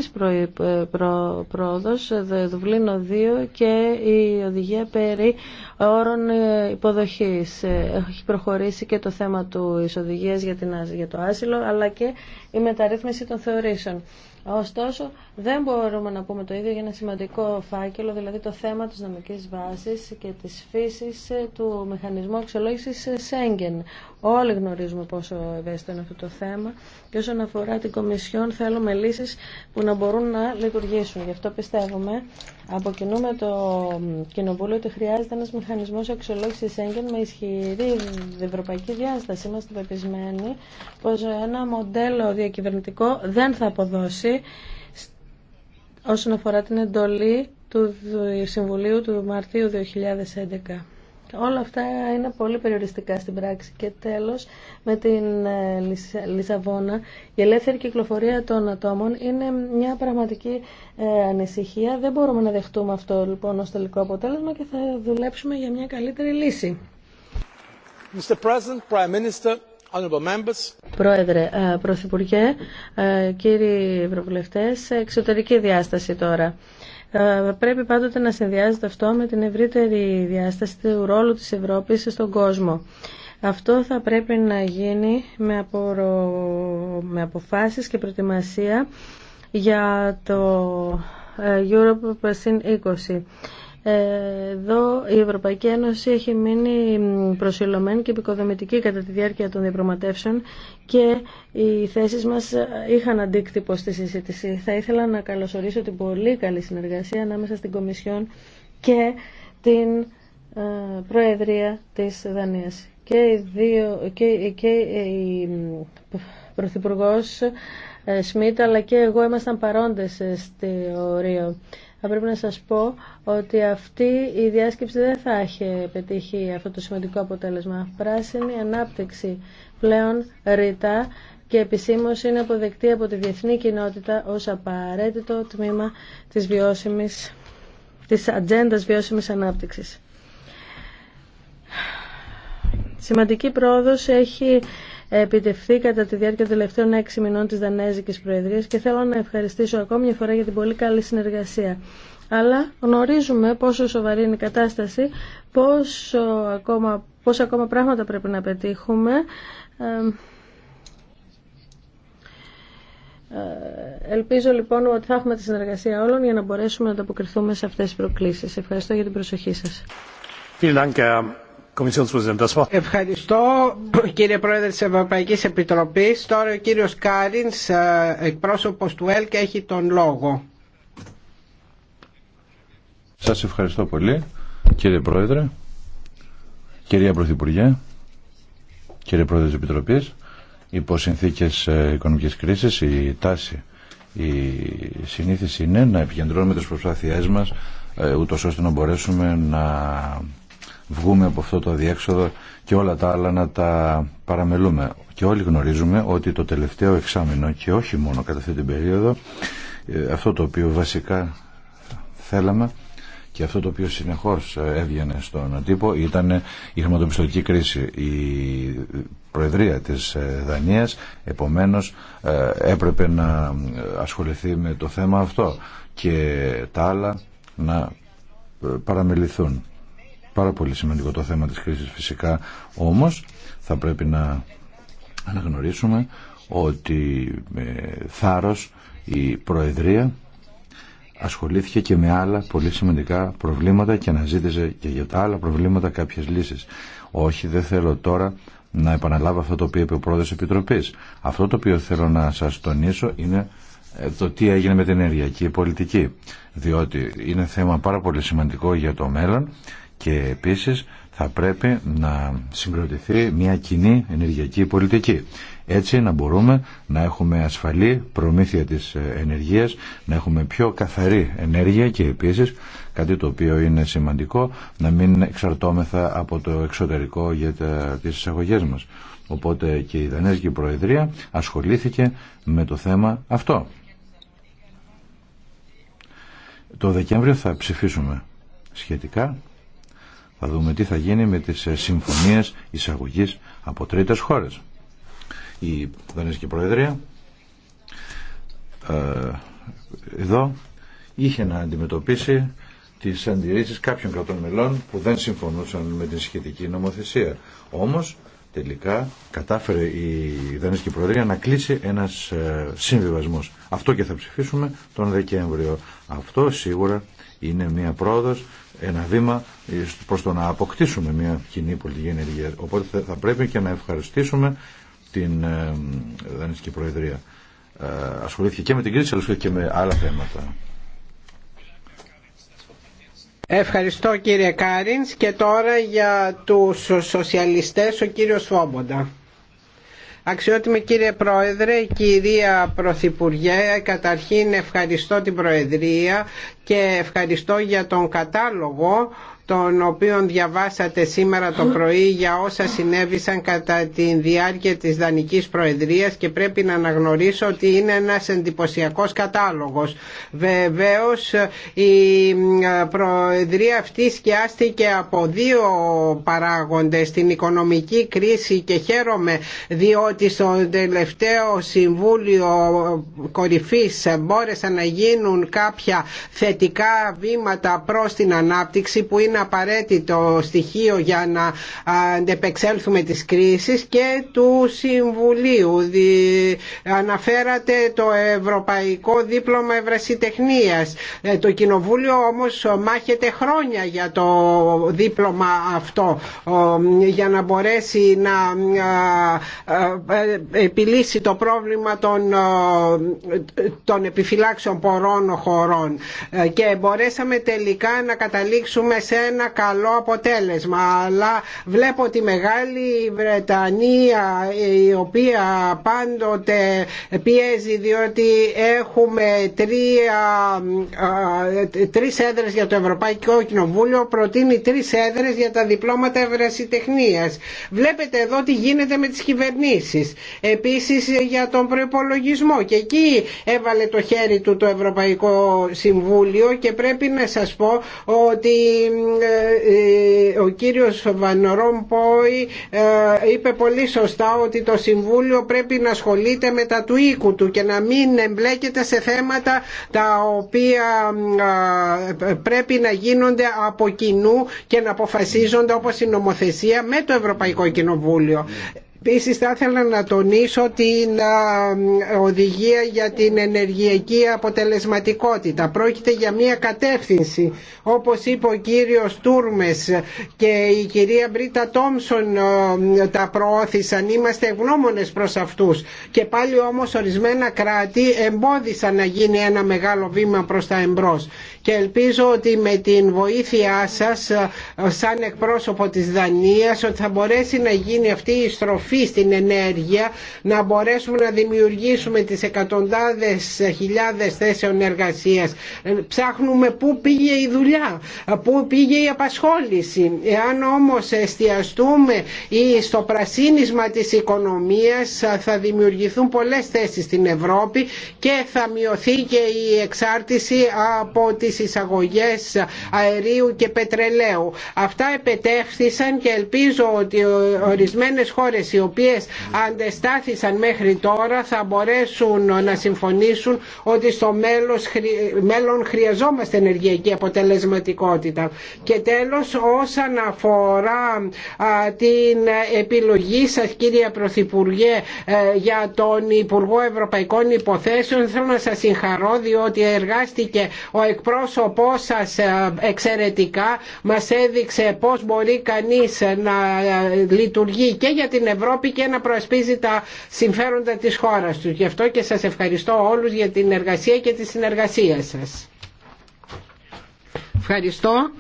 S2: πρόοδο, Δουβλίνο 2 και η οδηγία περί όρων ε, υποδοχή. Ε, έχει προχωρήσει και το θέμα του οδηγία για, για το άσυλο, αλλά και η μεταρρύθμιση των θεωρήσεων. Ωστόσο, δεν μπορούμε να πούμε το ίδιο για ένα σημαντικό φάκελο, δηλαδή το θέμα της νομικής βάσης και της φύσης του μηχανισμού αξιολόγησης Σέγγεν, Όλοι γνωρίζουμε πόσο ευαίσθητο είναι αυτό το θέμα και όσον αφορά την Κομισιόν θέλουμε λύσεις που να μπορούν να λειτουργήσουν. Γι' αυτό πιστεύουμε αποκοινούμε το Κοινοβούλιο ότι χρειάζεται ένας μηχανισμός αξιολόγησης έγκαιων με ισχυρή ευρωπαϊκή διάσταση. Είμαστε πεπισμένοι πως ένα μοντέλο διακυβερνητικό δεν θα αποδώσει όσον αφορά την εντολή του Συμβουλίου του Μαρτίου 2011. Όλα αυτά είναι πολύ περιοριστικά στην πράξη. Και τέλος, με την ε, Λισαβόνα, η ελεύθερη κυκλοφορία των ατόμων είναι μια πραγματική ε, ανησυχία. Δεν μπορούμε να δεχτούμε αυτό λοιπόν ως τελικό αποτέλεσμα και θα δουλέψουμε για μια καλύτερη λύση.
S3: Mr. President, Prime Minister,
S2: Πρόεδρε, ε, Πρωθυπουργέ, κύριοι Ευρωβουλευτές, εξωτερική διάσταση τώρα. Ε, πρέπει πάντοτε να συνδυάζεται αυτό με την ευρύτερη διάσταση του ρόλου της Ευρώπης στον κόσμο. Αυτό θα πρέπει να γίνει με, απορο... με αποφάσεις και προετοιμασία για το ε, Europe Sin εδώ η Ευρωπαϊκή Ένωση έχει μείνει προσιλωμένη και επικοδομητική κατά τη διάρκεια των διαπραγματεύσεων και οι θέσει μα είχαν αντίκτυπο στη συζήτηση. Θα ήθελα να καλωσορίσω την πολύ καλή συνεργασία ανάμεσα στην Κομισιόν και την ε, Προεδρία της Δανίας. Και οι δύο, και, και η ε, Πρωθυπουργός ε, Σμίτ αλλά και εγώ ήμασταν παρόντες στη ορίο θα πρέπει να σας πω ότι αυτή η διάσκεψη δεν θα έχει πετύχει αυτό το σημαντικό αποτέλεσμα. Πράσινη ανάπτυξη πλέον ρητά και επισήμως είναι αποδεκτή από τη διεθνή κοινότητα ως απαραίτητο τμήμα της, βιώσιμης, της ατζέντας βιώσιμης ανάπτυξης. Σημαντική πρόοδος έχει επιτευχθεί κατά τη διάρκεια των τελευταίων έξι μηνών της Δανέζικης Προεδρίας και θέλω να ευχαριστήσω ακόμη μια φορά για την πολύ καλή συνεργασία. Αλλά γνωρίζουμε πόσο σοβαρή είναι η κατάσταση, πόσο ακόμα, πόσο ακόμα πράγματα πρέπει να πετύχουμε. Ε, ελπίζω λοιπόν ότι θα έχουμε τη συνεργασία όλων για να μπορέσουμε να ανταποκριθούμε σε αυτές τις προκλήσεις. Ευχαριστώ για την προσοχή σας.
S1: Ευχαριστώ κύριε Πρόεδρε της Ευρωπαϊκής Επιτροπής. Τώρα ο κύριος Κάρινς, ε, εκπρόσωπος του ΕΛΚ, έχει τον λόγο.
S3: Σας ευχαριστώ πολύ κύριε Πρόεδρε, κυρία Πρωθυπουργέ, κύριε Πρόεδρε της Επιτροπής. Υπό συνθήκες ε, οικονομικής κρίσης η τάση, η συνήθιση είναι να επικεντρώνουμε τις προσπάθειές μας ε, ούτως ώστε να μπορέσουμε να βγούμε από αυτό το αδιέξοδο και όλα τα άλλα να τα παραμελούμε. Και όλοι γνωρίζουμε ότι το τελευταίο εξάμεινο και όχι μόνο κατά αυτή την περίοδο ε, αυτό το οποίο βασικά θέλαμε και αυτό το οποίο συνεχώς έβγαινε στον τύπο ήταν η χρηματοπιστωτική κρίση. Η Προεδρία της ε, Δανίας επομένως ε, έπρεπε να ασχοληθεί με το θέμα αυτό και τα άλλα να παραμεληθούν. Πάρα πολύ σημαντικό το θέμα της κρίσης φυσικά, όμως θα πρέπει να αναγνωρίσουμε ότι με θάρρος η Προεδρία ασχολήθηκε και με άλλα πολύ σημαντικά προβλήματα και αναζήτησε και για τα άλλα προβλήματα κάποιες λύσεις. Όχι, δεν θέλω τώρα να επαναλάβω αυτό το οποίο είπε ο πρόεδρος Επιτροπής. Αυτό το οποίο θέλω να σας τονίσω είναι ε, το τι έγινε με την ενεργειακή πολιτική. Διότι είναι θέμα πάρα πολύ σημαντικό για το μέλλον και επίσης θα πρέπει να συγκροτηθεί μια κοινή ενεργειακή πολιτική. Έτσι να μπορούμε να έχουμε ασφαλή προμήθεια της ε, ενεργείας, να έχουμε πιο καθαρή ενέργεια και επίσης κάτι το οποίο είναι σημαντικό να μην εξαρτώμεθα από το εξωτερικό για τα, τις εισαγωγές μας. Οπότε και η Δανέζικη Προεδρία ασχολήθηκε με το θέμα αυτό. Το Δεκέμβριο θα ψηφίσουμε σχετικά θα δούμε τι θα γίνει με τις ε, συμφωνίες εισαγωγής από τρίτες χώρες. Η Δανέσκη Προεδρία ε, εδώ είχε να αντιμετωπίσει τις αντιρρήσεις κάποιων κρατών μελών που δεν συμφωνούσαν με την σχετική νομοθεσία. Όμως τελικά κατάφερε η Δανέσκη Προεδρία να κλείσει ένας ε, συμβιβασμός. Αυτό και θα ψηφίσουμε τον Δεκέμβριο. Αυτό σίγουρα είναι μια πρόοδος ένα βήμα προς το να αποκτήσουμε μια κοινή πολιτική ενέργεια. Οπότε θα πρέπει και να ευχαριστήσουμε την ε, Δανειστική Προεδρία. Ε, ασχολήθηκε και με την κρίση, αλλά και με άλλα θέματα.
S1: Ευχαριστώ κύριε Κάριν, και τώρα για τους σοσιαλιστές ο κύριος Φόμποντα. Αξιότιμη κύριε Πρόεδρε, κυρία Πρωθυπουργέ, καταρχήν ευχαριστώ την Προεδρία και ευχαριστώ για τον κατάλογο τον οποίο διαβάσατε σήμερα το πρωί για όσα συνέβησαν κατά τη διάρκεια της Δανικής Προεδρίας και πρέπει να αναγνωρίσω ότι είναι ένας εντυπωσιακός κατάλογος. Βεβαίως η Προεδρία αυτή σκιάστηκε από δύο παράγοντες στην οικονομική κρίση και χαίρομαι διότι στο τελευταίο Συμβούλιο Κορυφής μπόρεσαν να γίνουν κάποια θετικά βήματα προς την ανάπτυξη που είναι είναι απαραίτητο στοιχείο για να αντεπεξέλθουμε τις κρίσεις και του Συμβουλίου. Αναφέρατε το Ευρωπαϊκό Δίπλωμα Ευρασιτεχνίας. Ε, το Κοινοβούλιο όμως μάχεται χρόνια για το δίπλωμα αυτό για να μπορέσει να επιλύσει το πρόβλημα των, των επιφυλάξεων πορών χωρών ε, και μπορέσαμε τελικά να καταλήξουμε σε ένα καλό αποτέλεσμα αλλά βλέπω ότι Μεγάλη Βρετανία η οποία πάντοτε πιέζει διότι έχουμε τρία, τρεις έδρες για το Ευρωπαϊκό Κοινοβούλιο προτείνει τρεις έδρες για τα διπλώματα ευρεσιτεχνίας βλέπετε εδώ τι γίνεται με τις κυβερνήσεις επίσης για τον προπολογισμό και εκεί έβαλε το χέρι του το Ευρωπαϊκό Συμβούλιο και πρέπει να σας πω ότι ε, ε, ο κύριος Βανορόμποη ε, είπε πολύ σωστά ότι το Συμβούλιο πρέπει να ασχολείται με τα του οίκου του και να μην εμπλέκεται σε θέματα τα οποία πρέπει να γίνονται από κοινού και να αποφασίζονται όπως η νομοθεσία με το Ευρωπαϊκό Κοινοβούλιο. Επίση, θα ήθελα να τονίσω την οδηγία για την ενεργειακή αποτελεσματικότητα. Πρόκειται για μια κατεύθυνση όπως είπε ο κύριο Τούρμες και η κυρία Μπρίτα Τόμσον τα προώθησαν. Είμαστε ευγνώμονες προς αυτούς και πάλι όμω ορισμένα κράτη εμπόδισαν να γίνει ένα μεγάλο βήμα προς τα εμπρός. Και ελπίζω ότι με την βοήθειά σα σαν εκπρόσωπο τη Δανία ότι θα μπορέσει να γίνει αυτή η στροφή στην ενέργεια να μπορέσουμε να δημιουργήσουμε τις εκατοντάδες χιλιάδες θέσεων εργασίας. Ψάχνουμε πού πήγε η δουλειά, πού πήγε η απασχόληση. Εάν όμως εστιαστούμε στο πρασίνισμα της οικονομίας θα δημιουργηθούν πολλές θέσεις στην Ευρώπη και θα μειωθεί και η εξάρτηση από τις εισαγωγές αερίου και πετρελαίου. Αυτά επιτέχθησαν και ελπίζω ότι ορισμένες χώρες οι οποίες αντεστάθησαν μέχρι τώρα θα μπορέσουν να συμφωνήσουν ότι στο μέλλον χρειαζόμαστε ενεργειακή αποτελεσματικότητα. Και τέλος όσον αφορά την επιλογή σας κύριε Πρωθυπουργέ ε, για τον Υπουργό Ευρωπαϊκών Υποθέσεων θέλω να σας συγχαρώ διότι εργάστηκε ο εκπρόσωπός σας ε, εξαιρετικά μας έδειξε πώς μπορεί κανείς να ε, λειτουργεί και για την Ευρώπη Ευρώπη και να προασπίζει τα συμφέροντα της χώρας του Γι' αυτό και σας ευχαριστώ όλους για την εργασία και τη συνεργασία σας. Ευχαριστώ.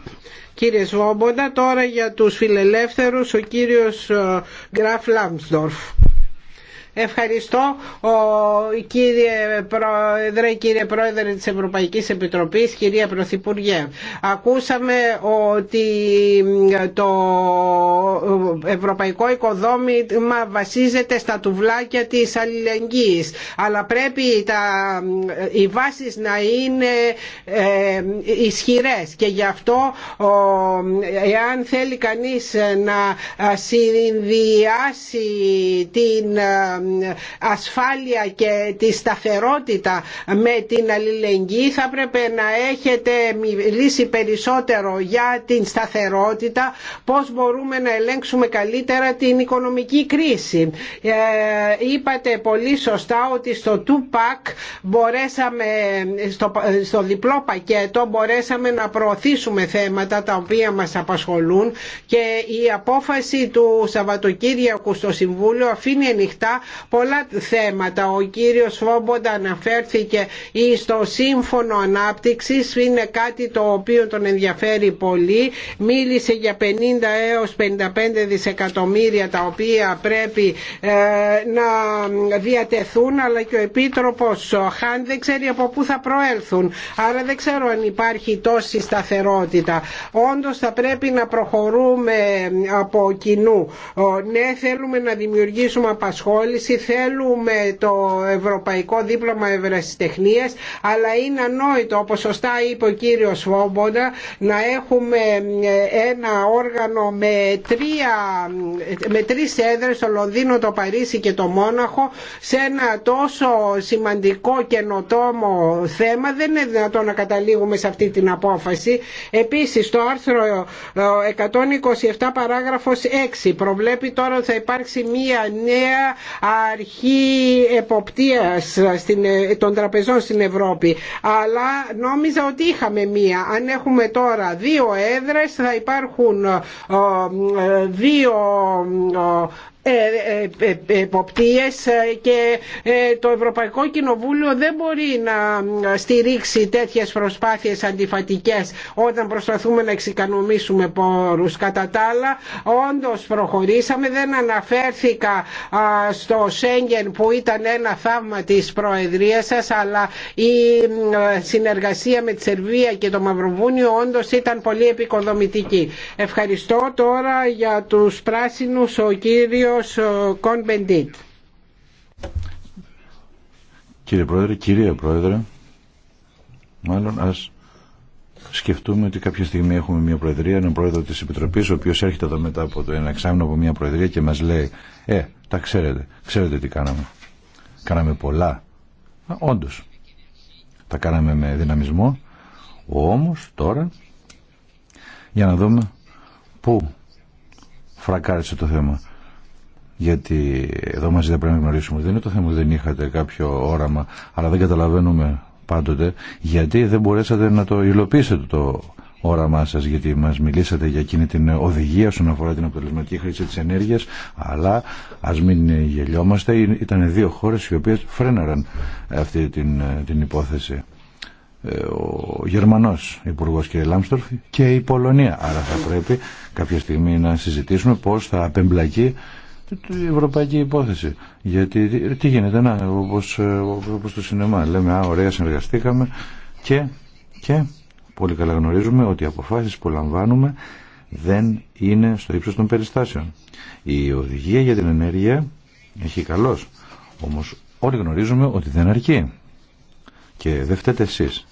S1: Κύριε Σβόμποντα, τώρα για τους φιλελεύθερους ο κύριος ε, Γκραφ Λάμπσδορφ. Ευχαριστώ κύριε Πρόεδρε, κύριε Πρόεδρε της Ευρωπαϊκής Επιτροπής, κυρία Πρωθυπουργέ. Ακούσαμε ότι το ευρωπαϊκό οικοδόμημα βασίζεται στα τουβλάκια της αλληλεγγύης, αλλά πρέπει τα, οι βάσεις να είναι ε, ισχυρές και γι' αυτό εάν θέλει κανείς να συνδυάσει την ασφάλεια και τη σταθερότητα με την αλληλεγγύη θα πρέπει να έχετε μιλήσει περισσότερο για την σταθερότητα πώς μπορούμε να ελέγξουμε καλύτερα την οικονομική κρίση. Ε, είπατε πολύ σωστά ότι στο Του pac μπορέσαμε, στο, στο διπλό πακέτο μπορέσαμε να προωθήσουμε θέματα τα οποία μας απασχολούν και η απόφαση του Σαββατοκύριακου στο Συμβούλιο αφήνει ανοιχτά πολλά θέματα. Ο κύριος Φόμποντα αναφέρθηκε στο σύμφωνο ανάπτυξης, είναι κάτι το οποίο τον ενδιαφέρει πολύ. Μίλησε για 50 έως 55 δισεκατομμύρια τα οποία πρέπει ε, να διατεθούν αλλά και ο Επίτροπος Χάν δεν ξέρει από πού θα προέλθουν. Άρα δεν ξέρω αν υπάρχει τόση σταθερότητα. Όντως θα πρέπει να προχωρούμε από κοινού. Ναι, θέλουμε να δημιουργήσουμε απασχόληση θέλουμε το ευρωπαϊκό δίπλωμα ευρεσιτεχνίας αλλά είναι ανόητο όπως σωστά είπε ο κύριος Βόμποντα να έχουμε ένα όργανο με, τρία, με τρεις έδρες το Λονδίνο, το Παρίσι και το Μόναχο σε ένα τόσο σημαντικό καινοτόμο θέμα δεν είναι δυνατόν να καταλήγουμε σε αυτή την απόφαση επίσης το άρθρο 127 ε, παράγραφος 6 προβλέπει τώρα ότι θα υπάρξει μία νέα αρχή εποπτείας των τραπεζών στην Ευρώπη αλλά νόμιζα ότι είχαμε μία αν έχουμε τώρα δύο έδρες θα υπάρχουν ε, ε, δύο ε, ε, ε, ε, εποπτείες και το Ευρωπαϊκό Κοινοβούλιο δεν μπορεί να στηρίξει τέτοιες προσπάθειες αντιφατικές όταν προσπαθούμε να εξοικονομήσουμε πόρους. Κατά τα άλλα όντως προχωρήσαμε, δεν αναφέρθηκα στο Σέγγεν που ήταν ένα θαύμα της Προεδρίας σας αλλά η συνεργασία με τη Σερβία και το Μαυροβούνιο όντως ήταν πολύ επικοδομητική. Ευχαριστώ τώρα για τους πράσινους ο κύριο κύριος Κον Μπεντίτ.
S3: Κύριε Πρόεδρε, κυρία Πρόεδρε, μάλλον ας σκεφτούμε ότι κάποια στιγμή έχουμε μια Προεδρία, έναν Πρόεδρο της Επιτροπής, ο οποίος έρχεται εδώ μετά από το ένα εξάμεινο από μια Προεδρία και μας λέει «Ε, τα ξέρετε, ξέρετε τι κάναμε. Κάναμε πολλά. Α, όντως, τα κάναμε με δυναμισμό, όμως τώρα, για να δούμε πού φρακάρισε το θέμα γιατί εδώ μαζί θα πρέπει να γνωρίσουμε δεν είναι το θέμα ότι δεν είχατε κάποιο όραμα αλλά δεν καταλαβαίνουμε πάντοτε γιατί δεν μπορέσατε να το υλοποιήσετε το όραμά σα γιατί μα μιλήσατε για εκείνη την οδηγία όσον αφορά την αποτελεσματική χρήση τη ενέργεια, αλλά α μην γελιόμαστε ήταν δύο χώρε οι οποίε φρέναραν αυτή την, την υπόθεση ε, ο Γερμανο, υπουργό κ. Λάμστορφ και η Πολωνία. Άρα θα πρέπει κάποια στιγμή να συζητήσουμε πω θα απεμπλακεί η ευρωπαϊκή υπόθεση. Γιατί τι γίνεται, να, όπως, ε, όπως το σινεμά, λέμε, α, ωραία, συνεργαστήκαμε και, και πολύ καλά γνωρίζουμε ότι οι αποφάσεις που λαμβάνουμε δεν είναι στο ύψος των περιστάσεων. Η οδηγία για την ενέργεια έχει καλώς, όμως όλοι γνωρίζουμε ότι δεν αρκεί. Και δεν φταίτε εσείς.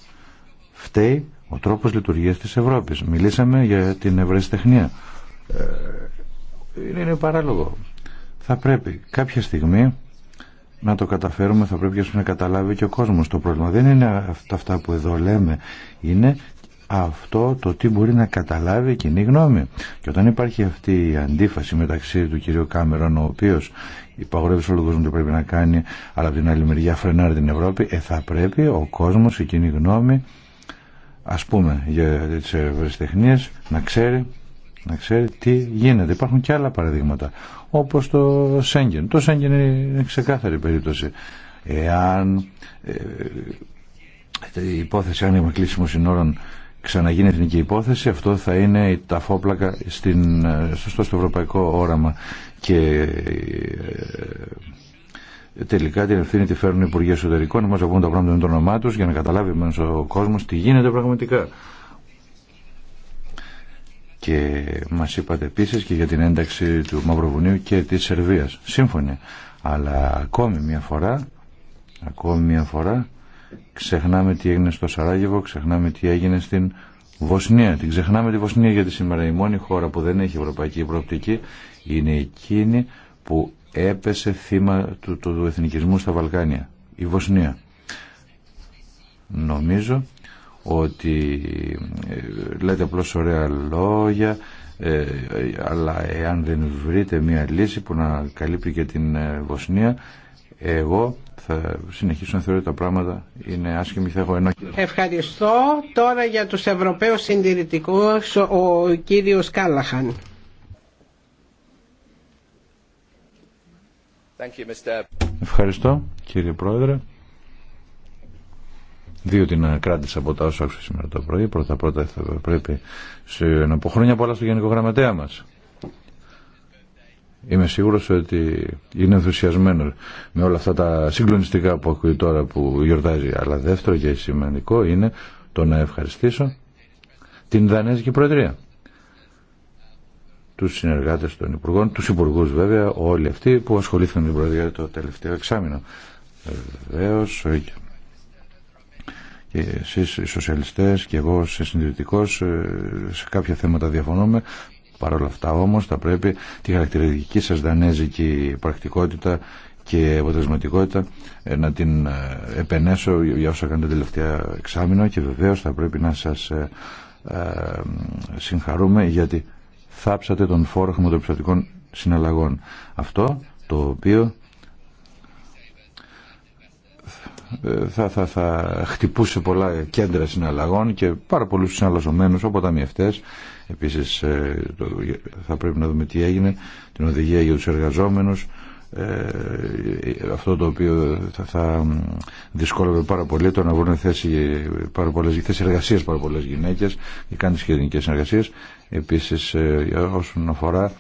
S3: Φταίει ο τρόπος λειτουργίας της Ευρώπης. Μιλήσαμε για την ευρεσιτεχνία. Ε, είναι παράλογο. Θα πρέπει κάποια στιγμή να το καταφέρουμε, θα πρέπει να καταλάβει και ο κόσμος το πρόβλημα. Δεν είναι αυτά, που εδώ λέμε, είναι αυτό το τι μπορεί να καταλάβει η κοινή γνώμη. Και όταν υπάρχει αυτή η αντίφαση μεταξύ του κυρίου Κάμερον, ο οποίο υπαγορεύει όλο τον κόσμο τι πρέπει να κάνει, αλλά από την άλλη μεριά φρενάρει την Ευρώπη, ε, θα πρέπει ο κόσμο, η κοινή γνώμη, α πούμε για τι ευρεσιτεχνίε, να να ξέρει τι γίνεται. Υπάρχουν και άλλα παραδείγματα όπως το Σέγγεν. Το Σέγγεν είναι ξεκάθαρη περίπτωση. Εάν ε, η υπόθεση άνοιγμα κλείσιμο συνόρων ξαναγίνει εθνική υπόθεση, αυτό θα είναι η ταφόπλακα στην, ε, στο, ευρωπαϊκό όραμα και ε, τελικά την ευθύνη τη φέρνουν οι Υπουργοί Εσωτερικών, μας τα πράγματα με το όνομά τους για να καταλάβει ο κόσμος τι γίνεται πραγματικά. Και μας είπατε επίσης και για την ένταξη του Μαυροβουνίου και της Σερβίας. Σύμφωνοι. Αλλά ακόμη μια φορά, ακόμη μια φορά, ξεχνάμε τι έγινε στο Σαράγεβο, ξεχνάμε τι έγινε στην Βοσνία. Την ξεχνάμε τη Βοσνία γιατί σήμερα η μόνη χώρα που δεν έχει ευρωπαϊκή προοπτική είναι εκείνη που έπεσε θύμα του, του, του εθνικισμού στα Βαλκάνια. Η Βοσνία. Νομίζω ότι ε, λέτε απλώς ωραία λόγια ε, ε, αλλά εάν δεν βρείτε μια λύση που να καλύπτει και την Βοσνία εγώ θα συνεχίσω να θεωρώ τα πράγματα είναι άσχημη θα έχω
S1: Ευχαριστώ τώρα για τους Ευρωπαίους συντηρητικούς ο κύριος Κάλαχαν
S3: Ευχαριστώ κύριε Πρόεδρε Δύο την ε, κράτησα από τα όσα άκουσα σήμερα το πρωί. Πρώτα πρώτα θα πρέπει σε, να πω χρόνια πολλά στο Γενικό Γραμματέα μας. Είμαι σίγουρος ότι είναι ενθουσιασμένο με όλα αυτά τα συγκλονιστικά που ακούει τώρα που γιορτάζει. Αλλά δεύτερο και σημαντικό είναι το να ευχαριστήσω την Δανέζικη Προεδρία. Τους συνεργάτες των Υπουργών, τους Υπουργούς βέβαια, όλοι αυτοί που ασχολήθηκαν με την Προεδρία το τελευταίο εξάμεινο. Βεβαίως, και οι σοσιαλιστές και εγώ σε συντηρητικός ε, σε κάποια θέματα διαφωνούμε Παρ' αυτά όμως θα πρέπει τη χαρακτηριστική σας δανέζικη πρακτικότητα και αποτελεσματικότητα ε, να την ε, επενέσω για όσα κάνετε τελευταία εξάμεινο και βεβαίως θα πρέπει να σας συγχαρούμε γιατί θάψατε τον φόρο χρηματοπιστωτικών συναλλαγών. Αυτό το οποίο θα, θα, θα χτυπούσε πολλά κέντρα συναλλαγών και πάρα πολλούς συναλλαζομένους αποταμιευτές. Επίσης ε, θα πρέπει να δούμε τι έγινε, την οδηγία για τους εργαζόμενους. Ε, αυτό το οποίο θα, θα δυσκόλευε πάρα πολύ το να βρουν θέση, πάρα πολλές, θέση εργασίας πάρα πολλές γυναίκες και κάνει τις εργασίες επίσης ε, όσον αφορά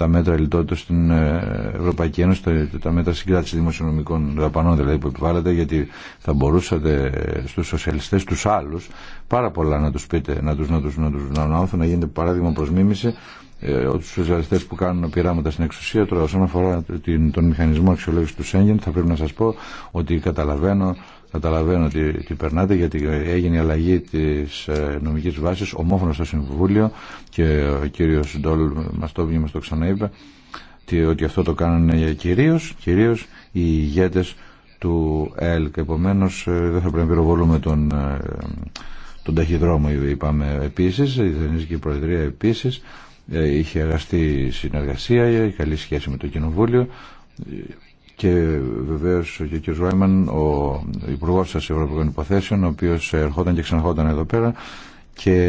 S3: τα μέτρα λιτότητα στην ε, Ευρωπαϊκή Ένωση, τα μέτρα συγκράτηση δημοσιονομικών δαπανών δηλαδή που επιβάλλατε, γιατί θα μπορούσατε ε, στους σοσιαλιστέ, του άλλους, πάρα πολλά να του πείτε, να τους, να τους, να να, να, να γίνεται παράδειγμα προ μίμηση, ε, του σοσιαλιστέ που κάνουν πειράματα στην εξουσία. Τώρα, όσον αφορά την, τον μηχανισμό αξιολόγηση του Σέγγεν, θα πρέπει να σα πω ότι καταλαβαίνω Καταλαβαίνω ότι, περνάτε γιατί έγινε η αλλαγή της ε, νομικής βάσης ομόφωνα στο Συμβούλιο και ο κύριος Ντόλ μας το, μας το ξαναείπε ότι αυτό το κάνανε κυρίως, κυρίως οι ηγέτες του ΕΛΚ. Επομένως ε, δεν θα πρέπει να πυροβολούμε τον, ε, τον ταχυδρόμο είπαμε επίσης, η Ιδανική Προεδρία επίσης είχε εργαστεί συνεργασία, καλή σχέση με το Κοινοβούλιο και βεβαίω και ο κ. Ρόιμαν, ο υπουργό σα Ευρωπαϊκών Υποθέσεων, ο οποίο ερχόταν και ξαναρχόταν εδώ πέρα και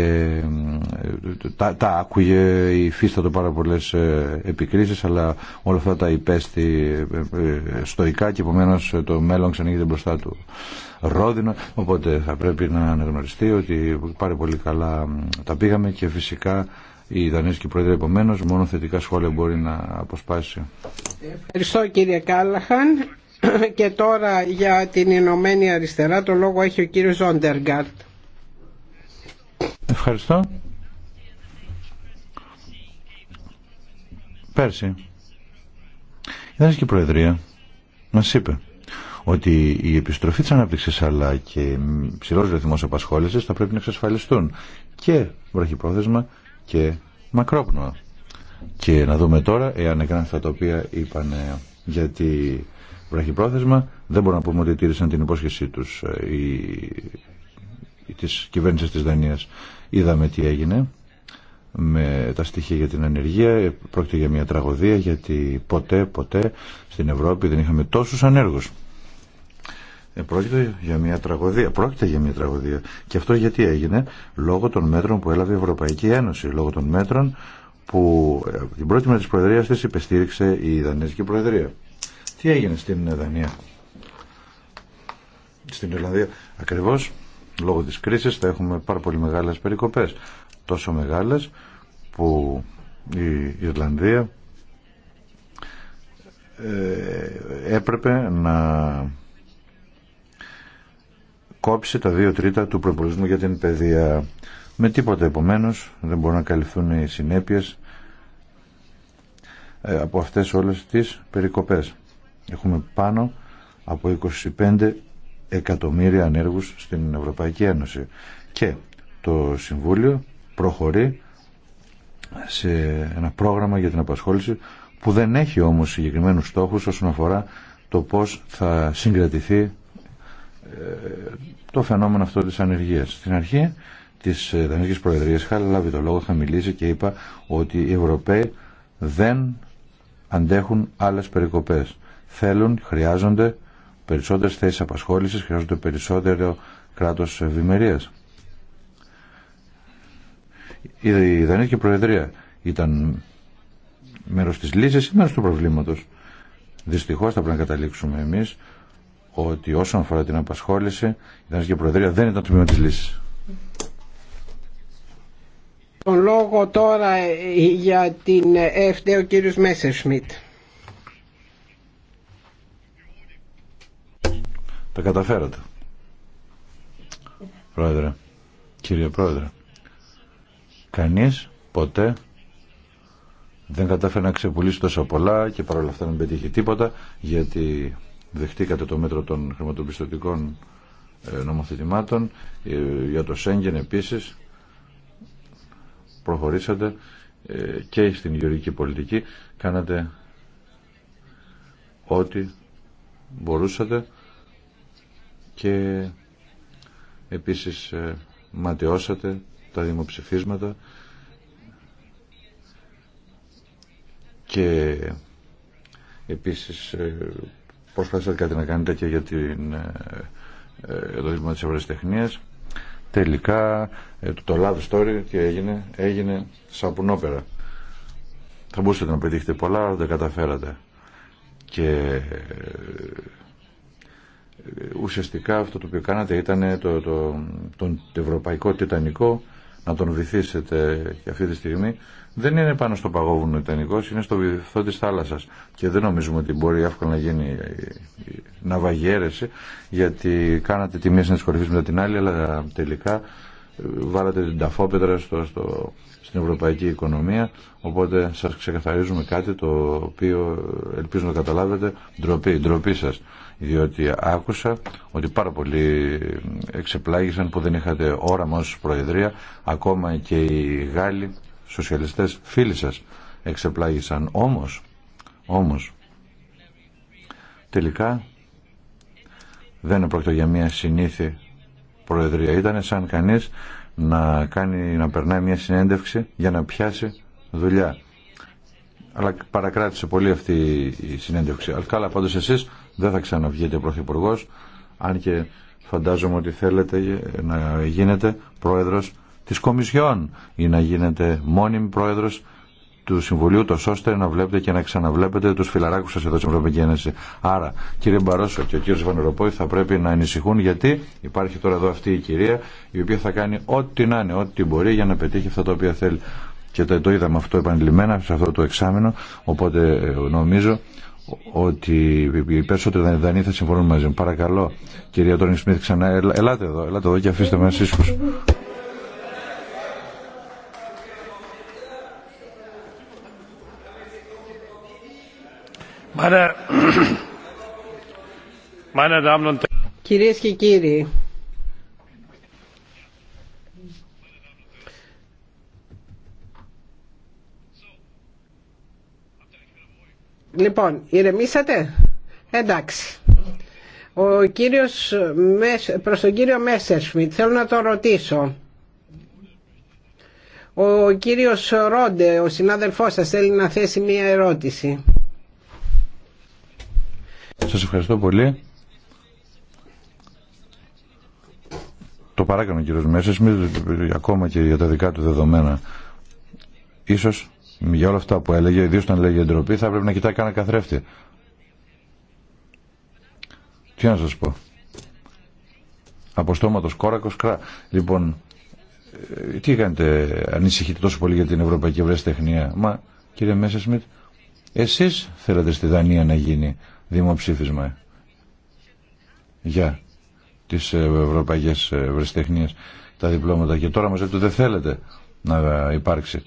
S3: ε, τα, τα άκουγε, υφίστατο πάρα πολλέ ε, επικρίσει, αλλά όλα αυτά τα υπέστη ε, στοικά και επομένω το μέλλον ξανοίγεται μπροστά του ρόδινο. Οπότε θα πρέπει να αναγνωριστεί ότι πάρα πολύ καλά τα πήγαμε και φυσικά η Δανέζικη Προεδρία, επομένω μόνο θετικά σχόλια μπορεί να αποσπάσει.
S1: Ευχαριστώ κύριε Κάλαχαν <clears throat> και τώρα για την Ηνωμένη Αριστερά το λόγο έχει ο κύριος Ζόντεργκαρτ.
S3: Ευχαριστώ. Πέρσι η Δανέζικη Προεδρία μας είπε ότι η επιστροφή της ανάπτυξης αλλά και ψηλός ρυθμός απασχόλησης θα πρέπει να εξασφαλιστούν και βραχυπρόθεσμα και μακρόπνοα. Και να δούμε τώρα εάν έκαναν αυτά τα οποία είπαν γιατί βραχυπρόθεσμα δεν μπορούμε να πούμε ότι τήρησαν την υπόσχεσή τους η, ε, η, της κυβέρνησης της Δανίας. Είδαμε τι έγινε με τα στοιχεία για την ανεργία. Πρόκειται για μια τραγωδία γιατί ποτέ, ποτέ στην Ευρώπη δεν είχαμε τόσους ανέργους. Ε, πρόκειται για μια τραγωδία. Πρόκειται για μια τραγωδία. Και αυτό γιατί έγινε λόγω των μέτρων που έλαβε η Ευρωπαϊκή Ένωση, λόγω των μέτρων που ε, την πρώτη μέρα τη προεδρία τη υπεστήριξε η Δανέζικη Προεδρία. Τι έγινε στην Δανία, στην Ιρλανδία. ακριβώ, λόγω της κρίσης θα έχουμε πάρα πολύ μεγάλες περικοπέ. Τόσο μεγάλε που η Ιρλανδία ε, έπρεπε να κόψει τα δύο τρίτα του προπολισμού για την παιδεία. Με τίποτα επομένω δεν μπορούν να καλυφθούν οι συνέπειε ε, από αυτές όλες τις περικοπές. Έχουμε πάνω από 25 εκατομμύρια ανέργους στην Ευρωπαϊκή Ένωση και το Συμβούλιο προχωρεί σε ένα πρόγραμμα για την απασχόληση που δεν έχει όμως συγκεκριμένους στόχους όσον αφορά το πώς θα συγκρατηθεί το φαινόμενο αυτό της ανεργίας. Στην αρχή ε, της Δανεικής Προεδρίας είχα λάβει το λόγο, είχα μιλήσει και είπα ότι οι Ευρωπαίοι δεν αντέχουν άλλες περικοπές. Θέλουν, χρειάζονται περισσότερες θέσεις απασχόλησης, χρειάζονται περισσότερο κράτος ευημερίας. Η Δανεική Προεδρία ήταν μέρος της λύσης ή μέρος του προβλήματος. Δυστυχώς θα πρέπει να καταλήξουμε εμείς ότι όσον αφορά την απασχόληση, η Δανειακή Προεδρία δεν ήταν το τμήμα της λύσης.
S1: Τον λόγο τώρα ε, για την ΕΦΤΕ ο κύριος Μέσερ Σμιτ.
S3: Τα καταφέρατε. Πρόεδρε, κύριε Πρόεδρε, κανείς ποτέ δεν κατάφερε να ξεπουλήσει τόσο πολλά και παρόλα αυτά δεν πετύχει τίποτα γιατί δεχτήκατε το μέτρο των χρηματοπιστωτικών ε, νομοθετημάτων ε, για το Σέγγεν επίσης προχωρήσατε ε, και στην γεωργική πολιτική κάνατε ό,τι μπορούσατε και επίσης ματαιώσατε τα δημοψηφίσματα και επίσης προσπαθήσατε κάτι να κάνετε και για την, ε, ε, το Δήμο της Τελικά ε, το love story έγινε, έγινε σαπουνόπερα. Θα μπορούσατε να πετύχετε πολλά, αλλά δεν καταφέρατε. Και ουσιαστικά αυτό το οποίο κάνατε ήταν το, το, το, το ευρωπαϊκό τιτανικό να τον βυθίσετε και αυτή τη στιγμή δεν είναι πάνω στο παγόβουνο ιτανικό, είναι στο βυθό τη θάλασσα. Και δεν νομίζουμε ότι μπορεί εύκολα να γίνει ναυαγιέρεση, γιατί κάνατε τη μία συνέντευξη μετά την άλλη, αλλά τελικά βάλατε την ταφόπετρα στο, στο, στην ευρωπαϊκή οικονομία οπότε σας ξεκαθαρίζουμε κάτι το οποίο ελπίζω να καταλάβετε ντροπή, ντροπή σας διότι άκουσα ότι πάρα πολλοί εξεπλάγησαν που δεν είχατε όραμα ως Προεδρία ακόμα και οι Γάλλοι σοσιαλιστές φίλοι σας εξεπλάγησαν όμως, όμως τελικά δεν πρόκειται για μια συνήθεια Προεδρία. Ήταν σαν κανείς να, κάνει, να περνάει μια συνέντευξη για να πιάσει δουλειά. Αλλά παρακράτησε πολύ αυτή η συνέντευξη. Αλλά καλά, πάντως εσείς δεν θα ξαναβγείτε πρωθυπουργό, αν και φαντάζομαι ότι θέλετε να γίνετε πρόεδρος της Κομισιόν ή να γίνετε μόνιμη πρόεδρος του Συμβουλίου, τόσο ώστε να βλέπετε και να ξαναβλέπετε του φιλαράκου σα εδώ στην Ευρωπαϊκή Ένωση. Άρα, κύριε Μπαρόσο και ο κύριο Βανεροπόη θα πρέπει να ανησυχούν γιατί υπάρχει τώρα εδώ αυτή η κυρία η οποία θα κάνει ό,τι να είναι, ό,τι μπορεί για να πετύχει αυτά τα οποία θέλει. Και το, το είδαμε αυτό επανειλημμένα σε αυτό το εξάμεινο. Οπότε ε, νομίζω ότι οι περισσότεροι Δανείοι θα συμφωνούν μαζί μου. Παρακαλώ, κυρία Τόνι Σμιθ, ξανά ελάτε εδώ, ελάτε εδώ και αφήστε με εσεί
S4: <clears throat>
S1: Κυρίες και κύριοι, λοιπόν, ηρεμήσατε, εντάξει. Ο κύριος, προς τον κύριο Μέσερσμιτ θέλω να το ρωτήσω. Ο κύριος Ρόντε, ο συνάδελφός σας, θέλει να θέσει μία ερώτηση.
S3: Σας ευχαριστώ πολύ. Το παράκανε ο κύριος Μέσης, ακόμα και για τα δικά του δεδομένα. Ίσως για όλα αυτά που έλεγε, ιδίως όταν λέγει εντροπή, θα πρέπει να κοιτάει κανένα καθρέφτη. Τι να σας πω. στόματος κόρακος κρά. Λοιπόν, ε, τι κάνετε, ανησυχείτε τόσο πολύ για την Ευρωπαϊκή Τεχνία. Μα, κύριε Μέσεσμιτ, εσείς θέλατε στη Δανία να γίνει δημοψήφισμα για τις ε, ευρωπαϊκές ε, ευρεσιτεχνίες τα διπλώματα και τώρα μας λέτε δεν θέλετε να υπάρξει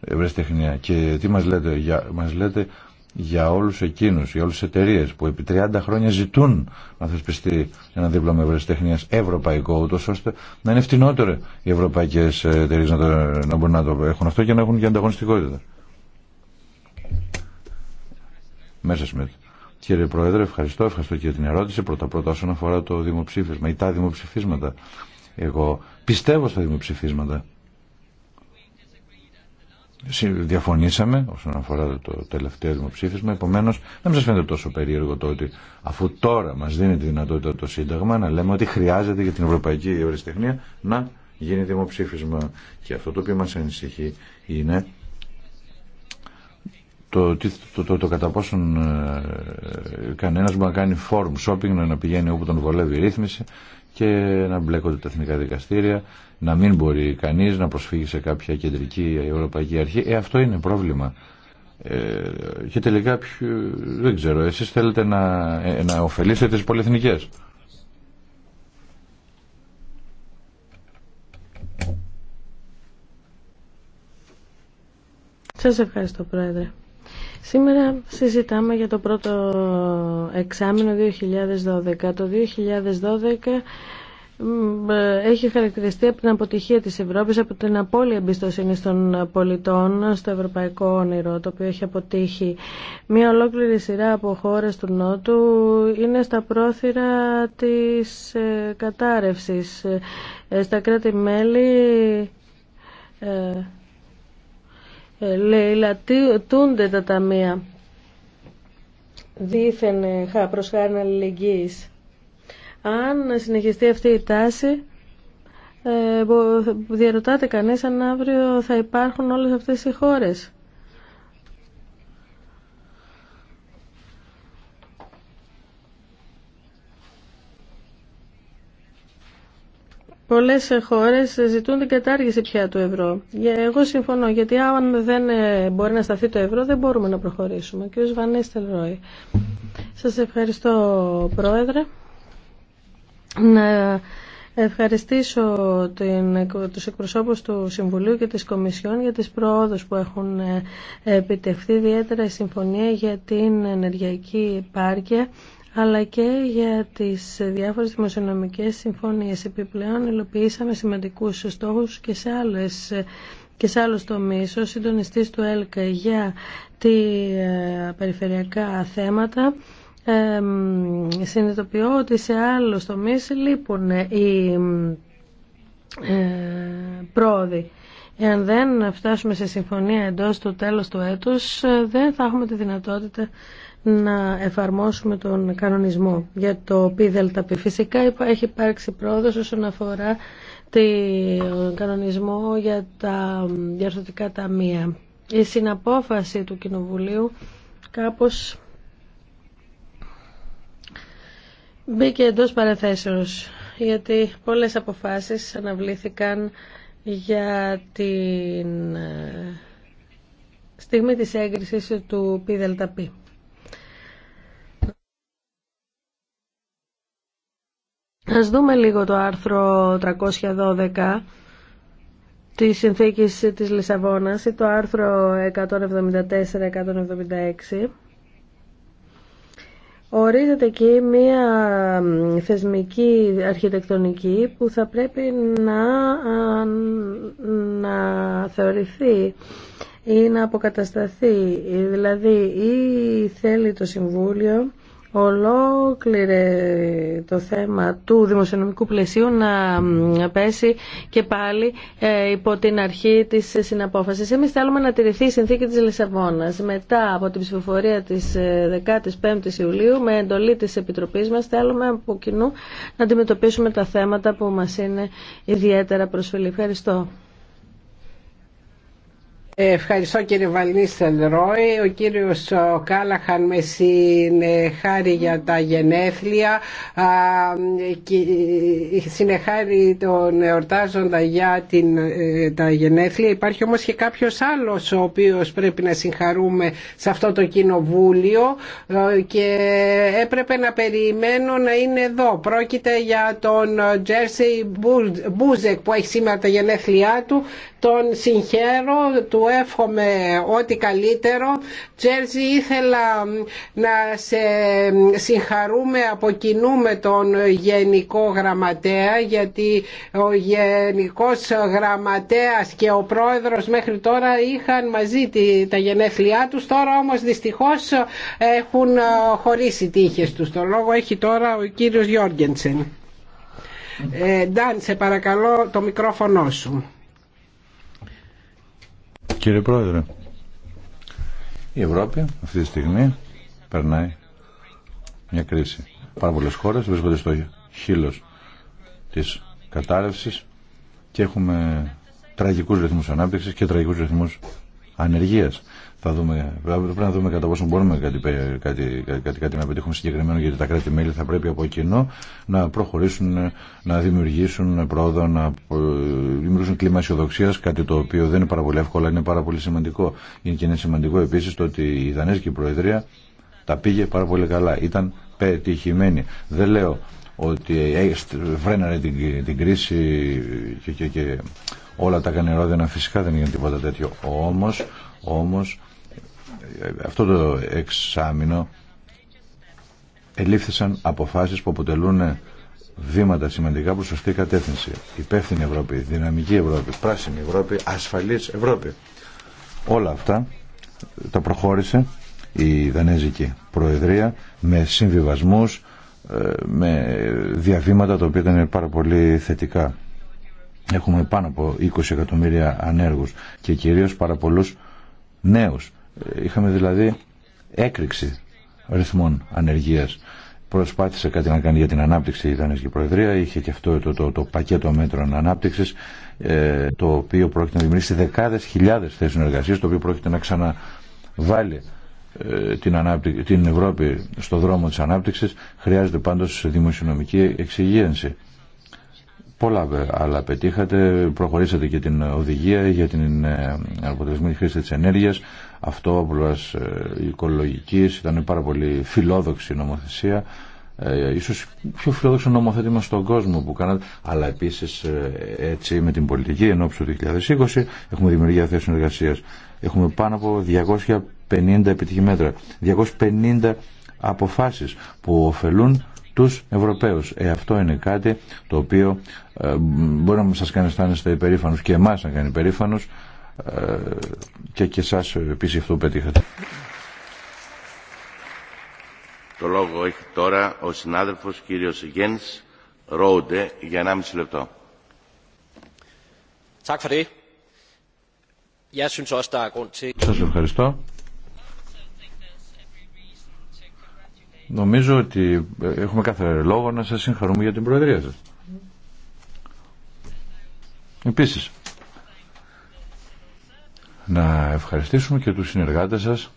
S3: ευρεσιτεχνία και τι μας λέτε, για, μας λέτε για όλους εκείνους, για όλες τις εταιρείες που επί 30 χρόνια ζητούν να θεσπιστεί ένα δίπλωμα ευρεσιτεχνίας ευρωπαϊκό ούτως ώστε να είναι φτηνότερο οι ευρωπαϊκές εταιρείες να, να μπορούν να το έχουν αυτό και να έχουν και ανταγωνιστικότητα. Μέσα σημαίνει Κύριε Πρόεδρε, ευχαριστώ. Ευχαριστώ και την ερώτηση. Πρώτα-πρώτα όσον αφορά το δημοψήφισμα ή τα δημοψηφίσματα. Εγώ πιστεύω στα δημοψηφίσματα. Διαφωνήσαμε όσον αφορά το τελευταίο δημοψήφισμα. Επομένω, δεν σα φαίνεται τόσο περίεργο το ότι αφού τώρα μα δίνει τη δυνατότητα το Σύνταγμα να λέμε ότι χρειάζεται για την Ευρωπαϊκή Ευρεσιτεχνία να γίνει δημοψήφισμα. Και αυτό το οποίο μα ανησυχεί είναι το, το, το, το κατά πόσον ε, κανένας μπορεί να κάνει forum shopping, να πηγαίνει όπου τον βολεύει η ρύθμιση και να μπλέκονται τα εθνικά δικαστήρια, να μην μπορεί κανείς να προσφύγει σε κάποια κεντρική ευρωπαϊκή αρχή. Ε, αυτό είναι πρόβλημα. Ε, και τελικά, ποιο, δεν ξέρω, εσείς θέλετε να, ε, να ωφελήσετε τι πολυεθνικέ.
S2: Σας ευχαριστώ, Πρόεδρε. Σήμερα συζητάμε για το πρώτο εξάμεινο 2012. Το 2012 έχει χαρακτηριστεί από την αποτυχία της Ευρώπης, από την απώλεια εμπιστοσύνη των πολιτών στο ευρωπαϊκό όνειρο, το οποίο έχει αποτύχει. Μία ολόκληρη σειρά από χώρες του Νότου είναι στα πρόθυρα της ε, κατάρρευσης. Ε, στα κράτη-μέλη ε, ε, λέει, λατούνται τα ταμεία δήθεν ε, χα, προς χάρη αλληλεγγύης. Αν συνεχιστεί αυτή η τάση, ε, διαρωτάται κανείς αν αύριο θα υπάρχουν όλες αυτές οι χώρες. Πολλές χώρες ζητούν την κατάργηση πια του ευρώ. Εγώ συμφωνώ, γιατί αν δεν ε, μπορεί να σταθεί το ευρώ δεν μπορούμε να προχωρήσουμε. Κύριος Βανέστερ Ρόι. Σας ευχαριστώ Πρόεδρε. Να ευχαριστήσω την, τους εκπροσώπους του Συμβουλίου και της Κομισιόν για τις προόδους που έχουν ε, επιτευχθεί, ιδιαίτερα η Συμφωνία για την Ενεργειακή Επάρκεια αλλά και για τις διάφορες δημοσιονομικές συμφωνίες. Επιπλέον υλοποιήσαμε σημαντικούς στόχους και σε άλλες και σε άλλους τομείς, ο συντονιστής του ΕΛΚΑ για τη ε, περιφερειακά θέματα, ε, συνειδητοποιώ ότι σε άλλους τομείς λείπουν οι ε, πρόοδοι. Εάν δεν φτάσουμε σε συμφωνία εντός του τέλος του έτους, ε, δεν θα έχουμε τη δυνατότητα να εφαρμόσουμε τον κανονισμό για το ΠΔΠ. Φυσικά έχει υπάρξει πρόοδος όσον αφορά τον κανονισμό για τα διαρθρωτικά ταμεία. Η συναπόφαση του Κοινοβουλίου κάπως μπήκε εντός παρεθέσεως γιατί πολλές αποφάσεις αναβλήθηκαν για την ε, στιγμή της έγκρισης του ΠΔΠ. Ας δούμε λίγο το άρθρο 312 τη συνθήκη της Λισαβόνας ή το άρθρο 174-176. Ορίζεται εκεί μία θεσμική αρχιτεκτονική που θα πρέπει να, να θεωρηθεί ή να αποκατασταθεί. Δηλαδή ή θέλει το Συμβούλιο ολόκληρε το θέμα του δημοσιονομικού πλαισίου να πέσει και πάλι ε, υπό την αρχή της συναπόφασης. Εμείς θέλουμε να τηρηθεί η συνθήκη της Λισαβόνας. Μετά από την ψηφοφορία της 15ης ε, Ιουλίου με εντολή της Επιτροπής μας θέλουμε από κοινού να αντιμετωπίσουμε τα θέματα που μας είναι ιδιαίτερα προσφυλή. Ευχαριστώ.
S1: Ευχαριστώ κύριε Βαλνίστελ Ρόι. Ο κύριος Κάλαχαν με συνεχάρη για τα γενέθλια και ε, συνεχάρη τον εορτάζοντα για την, ε, τα γενέθλια. Υπάρχει όμως και κάποιος άλλος ο οποίος πρέπει να συγχαρούμε σε αυτό το κοινοβούλιο ε, και έπρεπε να περιμένω να είναι εδώ. Πρόκειται για τον Τζέρσι Μπούζεκ που έχει σήμερα τα γενέθλιά του. Τον συγχαίρω του εύχομαι ό,τι καλύτερο. Τζέρζι ήθελα να σε συγχαρούμε από τον Γενικό Γραμματέα γιατί ο Γενικός Γραμματέας και ο Πρόεδρος μέχρι τώρα είχαν μαζί τα γενέθλιά τους τώρα όμως δυστυχώς έχουν χωρίσει τύχες τους. Το λόγο έχει τώρα ο κύριος Γιόργενσεν. Ε, Ντάν, σε παρακαλώ το μικρόφωνο σου.
S3: Κύριε Πρόεδρε, η Ευρώπη αυτή τη στιγμή περνάει μια κρίση. Πάρα πολλέ χώρε βρίσκονται στο χείλο της κατάρρευσης και έχουμε τραγικούς ρυθμού ανάπτυξη και τραγικούς ρυθμού ανεργίας. Θα δούμε, πρέπει να δούμε κατά πόσο μπορούμε κάτι, κάτι, κάτι, να πετύχουμε συγκεκριμένο γιατί τα κράτη-μέλη θα πρέπει από κοινό να προχωρήσουν, να δημιουργήσουν πρόοδο, να ε, δημιουργήσουν κλίμα αισιοδοξία, κάτι το οποίο δεν είναι πάρα πολύ εύκολο, είναι πάρα πολύ σημαντικό. Είναι και είναι σημαντικό επίση το ότι η Δανέζικη Προεδρία τα πήγε πάρα πολύ καλά. Ήταν πετυχημένη. Δεν λέω ότι φρέναρε την, την κρίση και, όλα τα κανερόδινα φυσικά δεν είναι τίποτα τέτοιο. Όμως, όμως αυτό το εξάμεινο ελήφθησαν αποφάσεις που αποτελούν βήματα σημαντικά προς σωστή κατεύθυνση. Υπεύθυνη Ευρώπη, δυναμική Ευρώπη, πράσινη Ευρώπη, ασφαλής Ευρώπη. Όλα αυτά τα προχώρησε η Δανέζικη Προεδρία με συμβιβασμούς, ε, με διαβήματα τα οποία ήταν πάρα πολύ θετικά. Έχουμε πάνω από 20 εκατομμύρια ανέργους και κυρίως πάρα πολλούς νέους. Ε, είχαμε δηλαδή έκρηξη ρυθμών ανεργίας. Προσπάθησε κάτι να κάνει για την ανάπτυξη η Δανέσκη Προεδρία. Είχε και αυτό το, το, το πακέτο μέτρων ανάπτυξη, ε, το οποίο πρόκειται να δημιουργήσει δεκάδε χιλιάδε θέσει εργασία, το οποίο πρόκειται να ξαναβάλει ε, την, ανάπτυξη, την Ευρώπη στο δρόμο της ανάπτυξης χρειάζεται πάντως δημοσιονομική εξυγίανση. Πολλά άλλα πετύχατε, προχωρήσατε και την οδηγία για την ε, αποτελεσμένη χρήση της ενέργειας. Αυτό όπλας ε, οικολογικής ήταν πάρα πολύ φιλόδοξη νομοθεσία. Ε, ίσως πιο φιλόδοξο νομοθέτημα στον κόσμο που κάνατε, αλλά επίσης έτσι με την πολιτική ενώπιση του 2020 έχουμε δημιουργία θέσεων εργασίας. Έχουμε πάνω από 200. 250 επιτυχήμετρα, 250 αποφάσεις που ωφελούν τους Ευρωπαίους. Ε, αυτό είναι κάτι το οποίο ε, μπορεί να σας κάνει αισθάνεστε υπερήφανος και εμάς να κάνει υπερήφανος ε, και και εσάς επίσης αυτό πετύχατε.
S4: Το λόγο έχει τώρα ο συνάδελφος κύριος Γένς Ρόουντε για 1,5 λεπτό. Er
S3: σας ευχαριστώ. Νομίζω ότι ε, έχουμε κάθε λόγο να σας συγχαρούμε για την Προεδρία σας. Επίσης, να ευχαριστήσουμε και τους συνεργάτες σας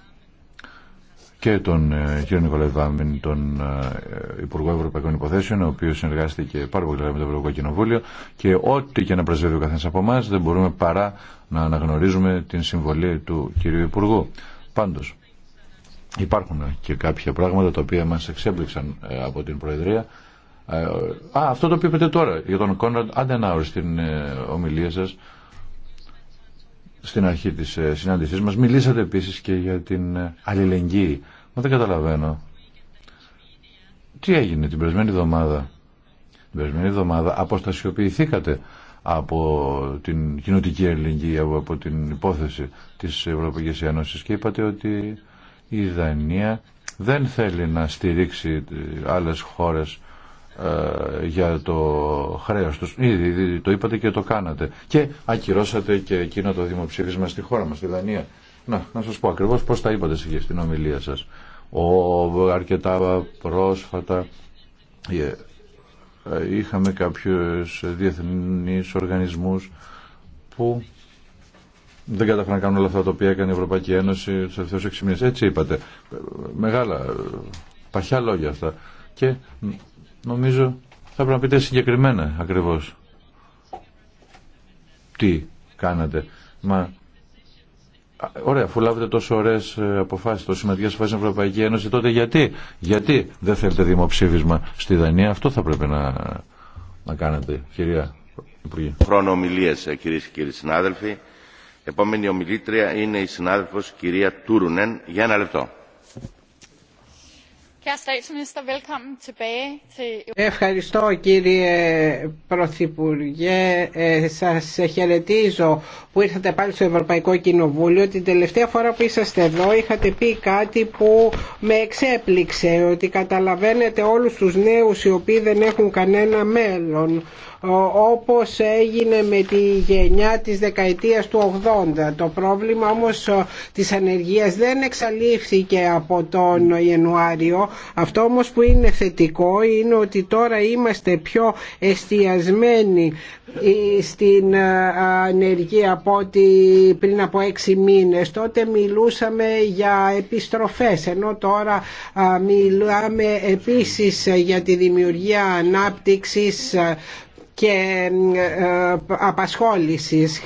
S3: και τον ε, κύριο Νικολάη τον ε, Υπουργό Ευρωπαϊκών Υποθέσεων, ο οποίος συνεργάστηκε πάρα πολύ με το Ευρωπαϊκό Κοινοβούλιο και ό,τι και να πρεσβεύει ο καθένας από εμά δεν μπορούμε παρά να αναγνωρίζουμε την συμβολή του κυρίου Υπουργού. Πάντως, Υπάρχουν και κάποια πράγματα τα οποία μας εξέπληξαν ε, από την Προεδρία. Ε, α, αυτό το οποίο τώρα για τον Κόνραντ Αντενάουρ στην ε, ομιλία σας στην αρχή της συνάντησής μας. Μιλήσατε επίσης και για την αλληλεγγύη. Μα δεν καταλαβαίνω. Τι έγινε την περασμένη εβδομάδα. Την περασμένη εβδομάδα αποστασιοποιηθήκατε από την κοινωτική αλληλεγγύη, από την υπόθεση της Ευρωπαϊκής Ένωσης και είπατε ότι η Δανία δεν θέλει να στηρίξει άλλες χώρες ε, για το χρέος τους. Ήδη το είπατε και το κάνατε. Και ακυρώσατε και εκείνο το δημοψήφισμα στη χώρα μας, στη Δανία. Να, να σας πω ακριβώς πώς τα είπατε στην ομιλία σας. Ο, αρκετά πρόσφατα yeah, ε, ε, είχαμε κάποιους διεθνείς οργανισμούς που δεν κατάφεραν να κάνουν όλα αυτά τα οποία έκανε η Ευρωπαϊκή Ένωση του τελευταίου 6 μήνε. Έτσι είπατε. Μεγάλα, παχιά λόγια αυτά. Και νομίζω θα πρέπει να πείτε συγκεκριμένα ακριβώ τι κάνατε. Μα Ωραία, αφού λάβετε τόσο ωραίε αποφάσει, τόσο σημαντικέ αποφάσει στην Ευρωπαϊκή Ένωση, τότε γιατί, γιατί δεν θέλετε δημοψήφισμα στη Δανία, αυτό θα πρέπει να, να κάνετε, κυρία
S4: Υπουργή Χρόνο ε, κυρίε και κύριοι συνάδελφοι. Επόμενη ομιλήτρια είναι η συνάδελφος κυρία Τούρουνεν για ένα λεπτό.
S1: Ευχαριστώ κύριε Πρωθυπουργέ. Ε, σας χαιρετίζω που ήρθατε πάλι στο Ευρωπαϊκό Κοινοβούλιο. Την τελευταία φορά που είσαστε εδώ είχατε πει κάτι που με εξέπληξε, ότι καταλαβαίνετε όλους τους νέους οι οποίοι δεν έχουν κανένα μέλλον όπως έγινε με τη γενιά της δεκαετίας του 80. Το πρόβλημα όμως της ανεργίας δεν εξαλείφθηκε από τον Ιανουάριο. Αυτό όμως που είναι θετικό είναι ότι τώρα είμαστε πιο εστιασμένοι ε, στην ε, ανεργία από ότι πριν από έξι μήνες. Τότε μιλούσαμε για επιστροφές ενώ τώρα μιλάμε επίσης για τη δημιουργία ανάπτυξης και ε, απασχόλησης.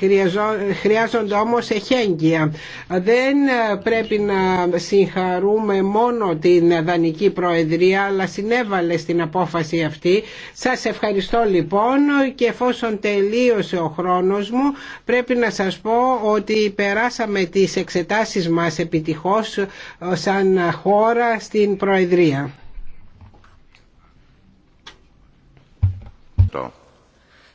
S1: Χρειάζονται όμως εχέγγυα. Δεν ε, πρέπει να συγχαρούμε μόνο την Δανική Προεδρία αλλά συνέβαλε στην απόφαση αυτή. Σας ευχαριστώ λοιπόν και εφόσον τελείωσε ο χρόνος μου πρέπει να σας πω ότι περάσαμε τις εξετάσεις μας επιτυχώς ε, σαν χώρα στην Προεδρία.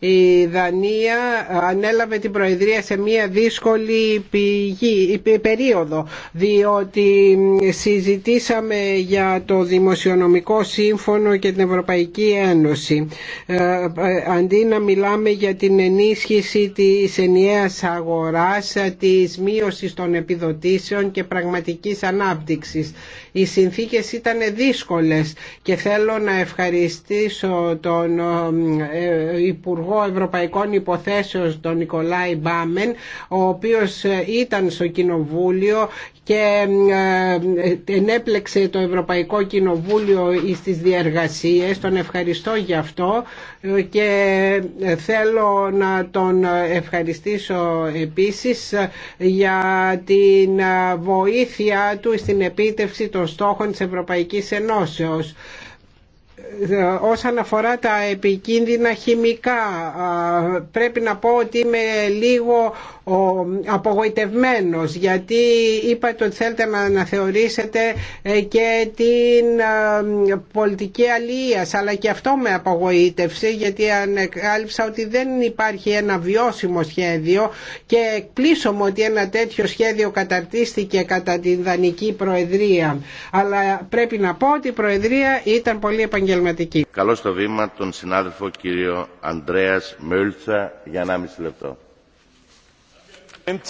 S1: Η Δανία ανέλαβε την Προεδρία σε μια δύσκολη πηγή, περίοδο διότι συζητήσαμε για το Δημοσιονομικό Σύμφωνο και την Ευρωπαϊκή Ένωση. Ε, ε, αντί να μιλάμε για την ενίσχυση της ενιαίας αγοράς, της μείωσης των επιδοτήσεων και πραγματικής ανάπτυξης. Οι συνθήκες ήταν δύσκολες και θέλω να ευχαριστήσω τον ε, Υπουργό Υπουργό Ευρωπαϊκών Υποθέσεων τον Νικολάη Μπάμεν ο οποίος ε, ήταν στο Κοινοβούλιο και ε, ε, ενέπλεξε το Ευρωπαϊκό Κοινοβούλιο στις διεργασίες. Τον ευχαριστώ για αυτό και θέλω να τον ευχαριστήσω επίσης για την βοήθεια του στην επίτευξη των στόχων της Ευρωπαϊκής Ενώσεως. Ε, όσον αφορά τα επικίνδυνα χημικά πρέπει να πω ότι είμαι λίγο απογοητευμένος γιατί είπατε ότι θέλετε να αναθεωρήσετε ε, και την ε, πολιτική αλίας αλλά και αυτό με απογοήτευσε γιατί ανεκάλυψα ότι δεν υπάρχει ένα βιώσιμο σχέδιο και εκπλήσω μου ότι ένα τέτοιο σχέδιο καταρτίστηκε κατά την Δανική Προεδρία αλλά πρέπει να πω ότι η Προεδρία ήταν πολύ
S4: επαγγελματική. Καλώς το βήμα τον συνάδελφο κύριο Αντρέας Μέλτσα για 1,5 λεπτό. Εν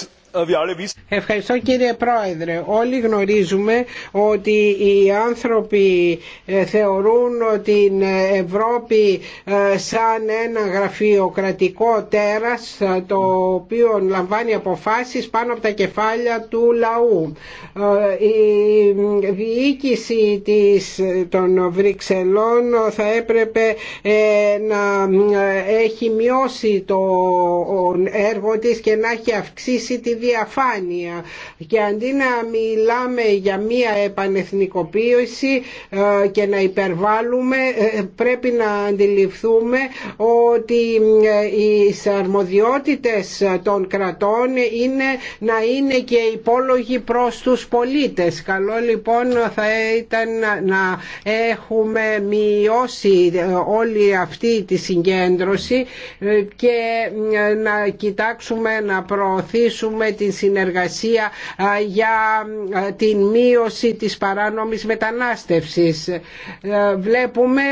S1: Ευχαριστώ κύριε Πρόεδρε. Όλοι γνωρίζουμε ότι οι άνθρωποι ε, θεωρούν την Ευρώπη ε, σαν ένα γραφειοκρατικό τέρας ε, το οποίο λαμβάνει αποφάσεις πάνω από τα κεφάλια του λαού. Η διοίκηση της, των Βρυξελών θα έπρεπε να έχει μειώσει το έργο της και να έχει αυξήσει τη διοίκηση διαφάνεια και αντί να μιλάμε για μία επανεθνικοποίηση ε, και να υπερβάλλουμε ε, πρέπει να αντιληφθούμε ότι ε, οι αρμοδιότητες των κρατών είναι να είναι και υπόλογοι προς τους πολίτες. Καλό λοιπόν θα ήταν να έχουμε μειώσει όλη αυτή τη συγκέντρωση και να κοιτάξουμε να προωθήσουμε την συνεργασία για την μείωση της παράνομης μετανάστευσης. Ε, βλέπουμε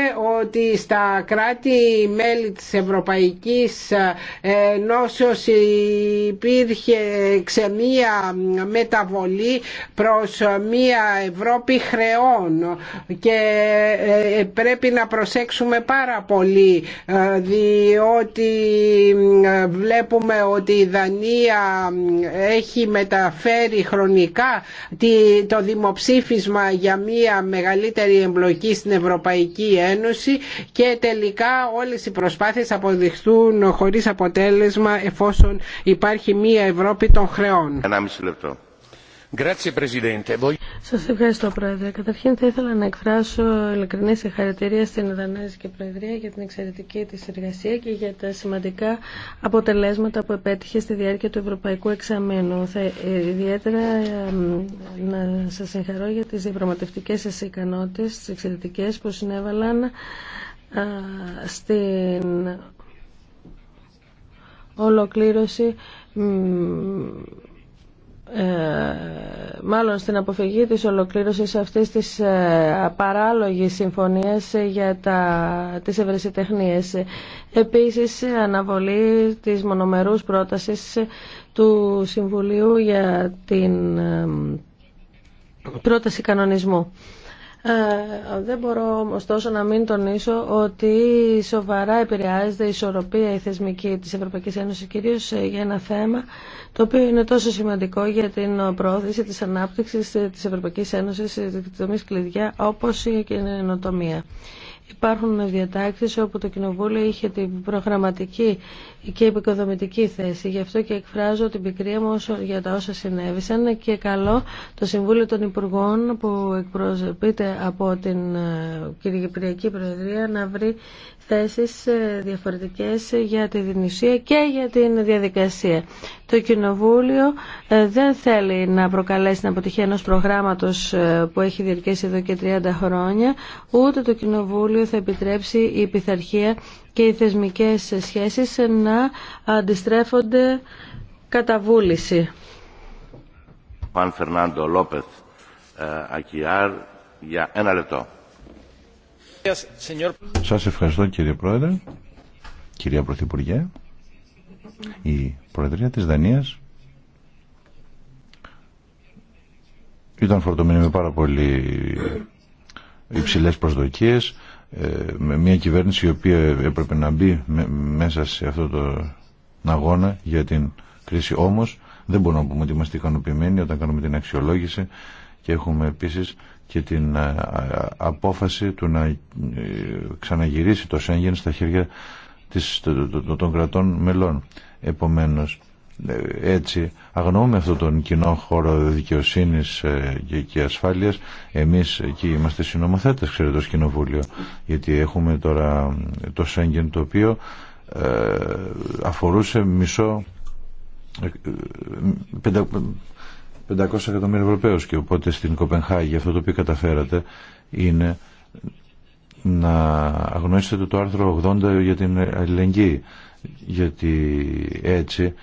S1: ότι στα κράτη-μέλη της Ευρωπαϊκής Ενώσεως υπήρχε ξεμία μεταβολή προς μία Ευρώπη χρεών και ε, ε, πρέπει να προσέξουμε πάρα πολύ διότι βλέπουμε ότι η Δανία έχει μεταφέρει χρονικά το δημοψήφισμα για μια μεγαλύτερη εμπλοκή στην Ευρωπαϊκή Ένωση και τελικά όλες οι προσπάθειες αποδειχθούν χωρίς αποτέλεσμα
S2: εφόσον υπάρχει μια Ευρώπη των χρεών. Σας ευχαριστώ Πρόεδρε. Καταρχήν θα ήθελα να εκφράσω ειλικρινή συγχαρητήρια στην Δανέζικη Προεδρία για την εξαιρετική της εργασία και για τα σημαντικά αποτελέσματα που επέτυχε στη διάρκεια του Ευρωπαϊκού Εξαμένου. Θα ιδιαίτερα να σας συγχαρώ για τις διαπραγματευτικές σα ικανότητε, τι εξαιρετικέ που συνέβαλαν στην ολοκλήρωση ε, μάλλον στην αποφυγή της ολοκλήρωσης αυτής της ε, παράλογης συμφωνίας ε, για τα, τις ευρεσιτεχνίες. Επίσης, αναβολή της μονομερούς πρότασης του Συμβουλίου για την πρόταση κανονισμού. Ε, δεν μπορώ ωστόσο να μην τονίσω ότι σοβαρά επηρεάζεται η ισορροπία η θεσμική της Ευρωπαϊκής Ένωσης κυρίως για ένα θέμα το οποίο είναι τόσο σημαντικό για την πρόθεση της ανάπτυξης της Ευρωπαϊκής Ένωσης της δομής κλειδιά όπως η καινοτομία. Υπάρχουν διατάξεις όπου το Κοινοβούλιο είχε την προγραμματική και επικοδομητική θέση. Γι' αυτό και εκφράζω την πικρία μου για τα όσα συνέβησαν και καλό το Συμβούλιο των Υπουργών που εκπροσωπείται από την ε, Κυριακή Προεδρία να βρει θέσεις ε, διαφορετικές για τη δημοσία και για την διαδικασία. Το Κοινοβούλιο ε, δεν θέλει να προκαλέσει την αποτυχία ενός προγράμματος ε, που έχει διαρκέσει εδώ και 30 χρόνια, ούτε το Κοινοβούλιο θα επιτρέψει η πειθαρχία και οι θεσμικές σχέσεις να αντιστρέφονται κατά βούληση.
S4: Φερνάντο Λόπεθ, Ακιάρ, για ένα λεπτό.
S3: Σας ευχαριστώ κύριε Πρόεδρε, κυρία Πρωθυπουργέ. Η Προεδρία της Δανίας ήταν φορτωμένη με πάρα πολύ υψηλές προσδοκίες, ε, με μια κυβέρνηση η οποία έπρεπε να μπει μέσα σε αυτό το αγώνα για την κρίση. Όμως δεν μπορούμε να πούμε ότι είμαστε ικανοποιημένοι όταν κάνουμε την αξιολόγηση και έχουμε επίσης και την ε, ε, απόφαση του να ε, ξαναγυρίσει το Σέγγεν στα χέρια της, των κρατών μελών. Επομένως, έτσι αγνοούμε αυτό τον κοινό χώρο δικαιοσύνης και ασφάλειας εμείς εκεί είμαστε συνομοθέτες ξέρετε ως κοινοβούλιο γιατί έχουμε τώρα το Σέγγεν το οποίο αφορούσε μισό 500 εκατομμύρια Ευρωπαίους και οπότε στην Κοπενχάγη αυτό το οποίο καταφέρατε είναι να αγνοήσετε το άρθρο 80 για την αλληλεγγύη γιατί έτσι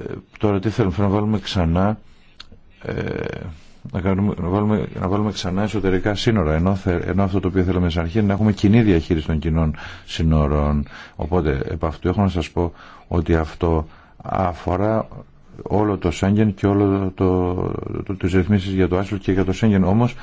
S3: ε, τώρα τι θέλουμε να βάλουμε ξανά ε, να, κάνουμε, να, βάλουμε, να βάλουμε ξανά εσωτερικά σύνορα ενώ, ενώ αυτό το οποίο θέλουμε σε αρχή να έχουμε κοινή διαχείριση των κοινών σύνορων οπότε επ' αυτού έχω να σας πω ότι αυτό αφορά όλο το Σέγγεν και όλο το, το, τις ρυθμίσεις για το Άσυλο και για το Σέγγεν όμως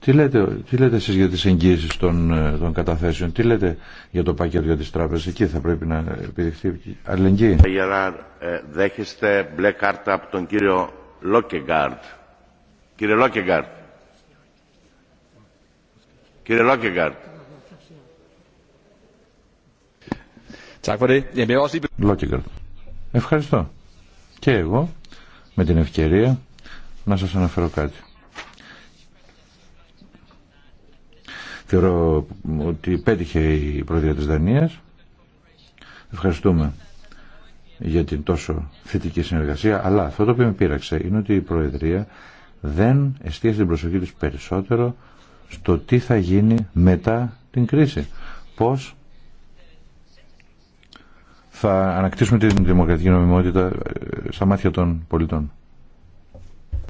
S3: τι λέτε, τι λέτε εσείς για τις εγγύησεις των, των καταθέσεων, τι λέτε για το πακέτο για τις τράπεζες, εκεί θα πρέπει να επιδειχθεί αλληλεγγύη.
S4: Γεράρ, ε, δέχεστε μπλε κάρτα από τον κύριο Λόκεγκάρτ. Κύριε Λόκεγκάρτ. Κύριε Λόκεγκάρτ.
S3: Ε, Λόκεγκάρτ. Ευχαριστώ. Και εγώ με την ευκαιρία να σας αναφέρω κάτι. Θεωρώ ότι πέτυχε η Προεδρία της Δανίας. Ευχαριστούμε για την τόσο θετική συνεργασία, αλλά αυτό το οποίο με πείραξε είναι ότι η Προεδρία δεν εστίασε την προσοχή της περισσότερο στο τι θα γίνει μετά την κρίση. Πώς θα ανακτήσουμε την δημοκρατική νομιμότητα ε, στα μάτια των πολιτών.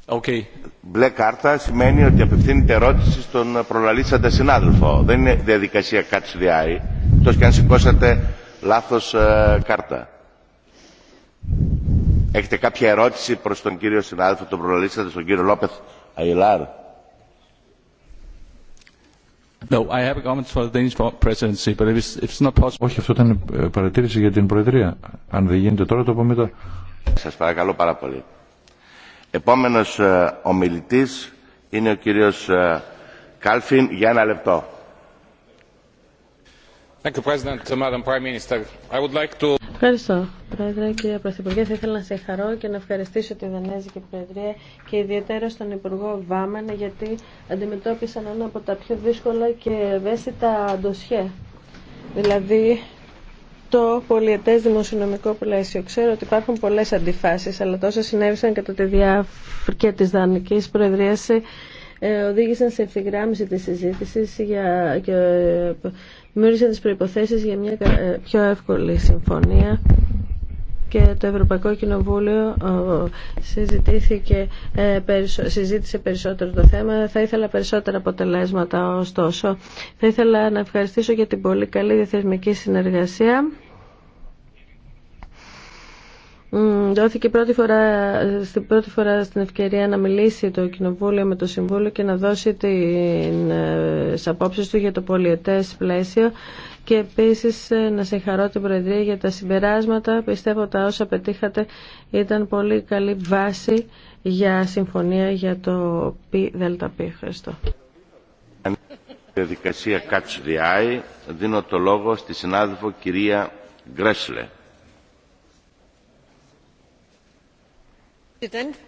S4: Okay. Μπλε κάρτα σημαίνει ότι απευθύνεται ερώτηση στον προλαλήσαντα συνάδελφο. Δεν είναι διαδικασία catch the eye, εκτός και αν σηκώσατε λάθος ε, κάρτα. Έχετε κάποια ερώτηση προς τον κύριο συνάδελφο, τον προλαλήσαντα, τον κύριο Λόπεθ Αϊλάρ. Όχι,
S3: αυτό ήταν ε, παρατήρηση για την Προεδρία. Αν δεν γίνεται τώρα, το πω
S4: Σας παρακαλώ πάρα πολύ. Επόμενος ε, ομιλητής είναι ο κύριος ε, Κάλφιν για ένα λεπτό.
S2: Ευχαριστώ, Πρόεδρε. Κύριε Πρωθυπουργέ, θα ήθελα να σε χαρώ και να ευχαριστήσω τη Δανέζικη Προεδρία και ιδιαίτερα στον Υπουργό Βάμεν γιατί αντιμετώπισαν ένα από τα πιο δύσκολα και ευαίσθητα ντοσιέ. Δηλαδή το πολιετέ δημοσιονομικό πλαίσιο. Ξέρω ότι υπάρχουν πολλέ αντιφάσει, αλλά τόσο συνέβησαν κατά τη διάρκεια της Δανικής Προεδρίας ε, οδήγησαν σε ευθυγράμμιση τη συζήτηση για, ε, δημιούργησε τις προϋποθέσεις για μια ε, πιο εύκολη συμφωνία και το Ευρωπαϊκό Κοινοβούλιο συζητήθηκε, ε, συζήτησε περισσότερο το θέμα. Θα ήθελα περισσότερα αποτελέσματα ωστόσο. Θα ήθελα να ευχαριστήσω για την πολύ καλή διαθεσμική συνεργασία. Δόθηκε πρώτη φορά, στην πρώτη φορά στην ευκαιρία να μιλήσει το Κοινοβούλιο με το Συμβούλιο και να δώσει ε, τις απόψεις του για το πολιετές πλαίσιο και επίσης ε, να συγχαρώ την Προεδρία για τα συμπεράσματα. Πιστεύω τα όσα πετύχατε ήταν πολύ καλή βάση για συμφωνία για το ΠΔΠ. Ευχαριστώ.
S4: Διαδικασία Catch the Δίνω το λόγο στη συνάδελφο κυρία Γκρέσλε. Präsident!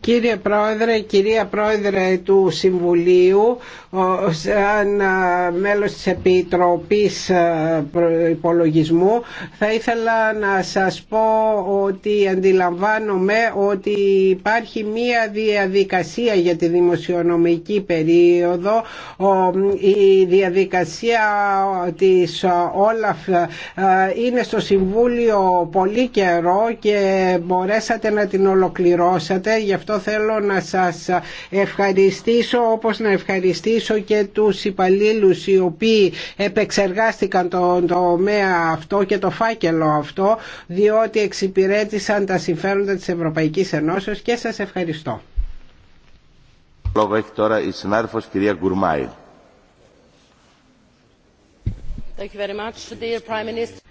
S4: Κύριε
S1: Πρόεδρε, κυρία Πρόεδρε του Συμβουλίου, σαν μέλος της Επιτροπής Υπολογισμού, θα ήθελα να σας πω ότι αντιλαμβάνομαι ότι υπάρχει μία διαδικασία για τη δημοσιονομική περίοδο. Η διαδικασία της Όλαφ είναι στο Συμβούλιο πολύ καιρό και μπορέσατε να την ολοκληρώσετε γι' αυτό θέλω να σας ευχαριστήσω όπως να ευχαριστήσω και τους υπαλλήλους οι οποίοι επεξεργάστηκαν τον τομέα αυτό και το φάκελο αυτό διότι εξυπηρέτησαν τα συμφέροντα της Ευρωπαϊκής Ενώσεως και σας ευχαριστώ.
S4: Λόγω έχει τώρα η συνάδελφος κυρία Γκουρμάη.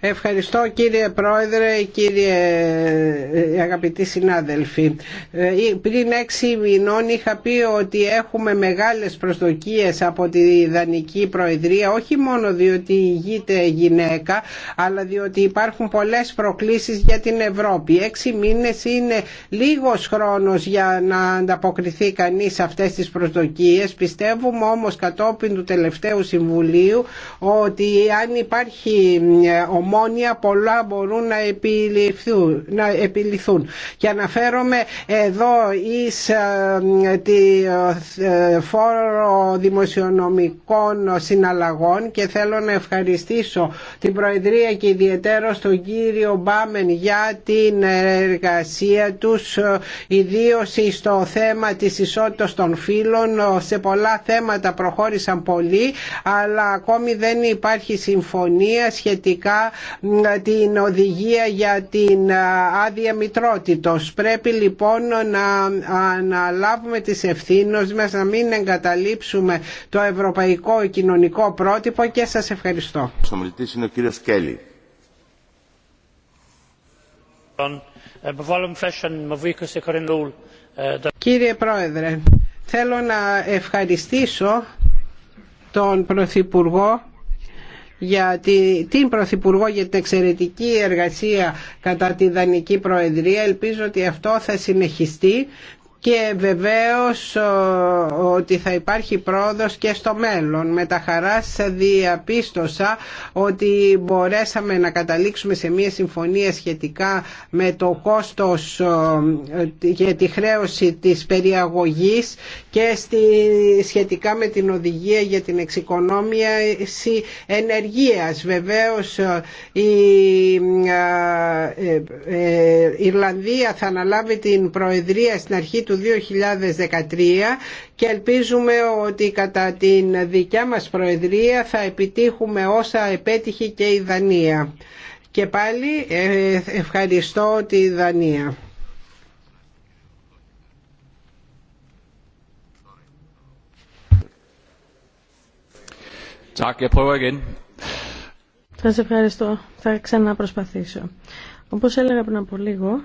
S1: Ευχαριστώ κύριε Πρόεδρε, κύριε ε, αγαπητοί συνάδελφοι. Ε, πριν έξι μηνών είχα πει ότι έχουμε μεγάλες προσδοκίες από τη Δανική Προεδρία, όχι μόνο διότι ηγείται γυναίκα, αλλά διότι υπάρχουν πολλές προκλήσεις για την Ευρώπη. Έξι μήνες είναι λίγος χρόνος για να ανταποκριθεί κανείς σε αυτές τις προσδοκίες. Πιστεύουμε όμως κατόπιν του τελευταίου Συμβουλίου ότι αν υπάρχει ε, ομόνια πολλά μπορούν να επιληθούν, να επιληθούν. και αναφέρομαι εδώ εις ε, τη ε, φόρο δημοσιονομικών συναλλαγών και θέλω να ευχαριστήσω την Προεδρία και ιδιαίτερο τον κύριο Μπάμεν για την εργασία τους ιδίως στο θέμα της ισότητας των φύλων σε πολλά θέματα προχώρησαν πολύ αλλά ακόμη δεν υπάρχει συμφωνία σχετικά με την οδηγία για την άδεια μητρότητος. Πρέπει λοιπόν να αναλάβουμε τις ευθύνες μας, να μην εγκαταλείψουμε το ευρωπαϊκό κοινωνικό
S4: πρότυπο και σας ευχαριστώ. ο
S2: Κύριε
S1: Πρόεδρε, θέλω να ευχαριστήσω τον Πρωθυπουργό για την Πρωθυπουργό για την εξαιρετική εργασία κατά τη Δανική Προεδρία. Ελπίζω ότι αυτό θα συνεχιστεί και βεβαίως ότι θα υπάρχει πρόοδος και στο μέλλον. Με τα χαράς διαπίστωσα ότι μπορέσαμε να καταλήξουμε σε μια συμφωνία σχετικά με το κόστος για τη χρέωση της περιαγωγής και στη, σχετικά με την οδηγία για την εξοικονόμηση ενεργείας. Βεβαίως ε, ε, ε, η Ιρλανδία θα αναλάβει την Προεδρία στην αρχή του 2013 και ελπίζουμε ότι κατά την δικιά μας Προεδρία θα επιτύχουμε όσα επέτυχε και η Δανία. Και πάλι ευχαριστώ τη Δανία.
S2: σε ευχαριστώ. Θα ξαναπροσπαθήσω. Όπως έλεγα πριν από λίγο,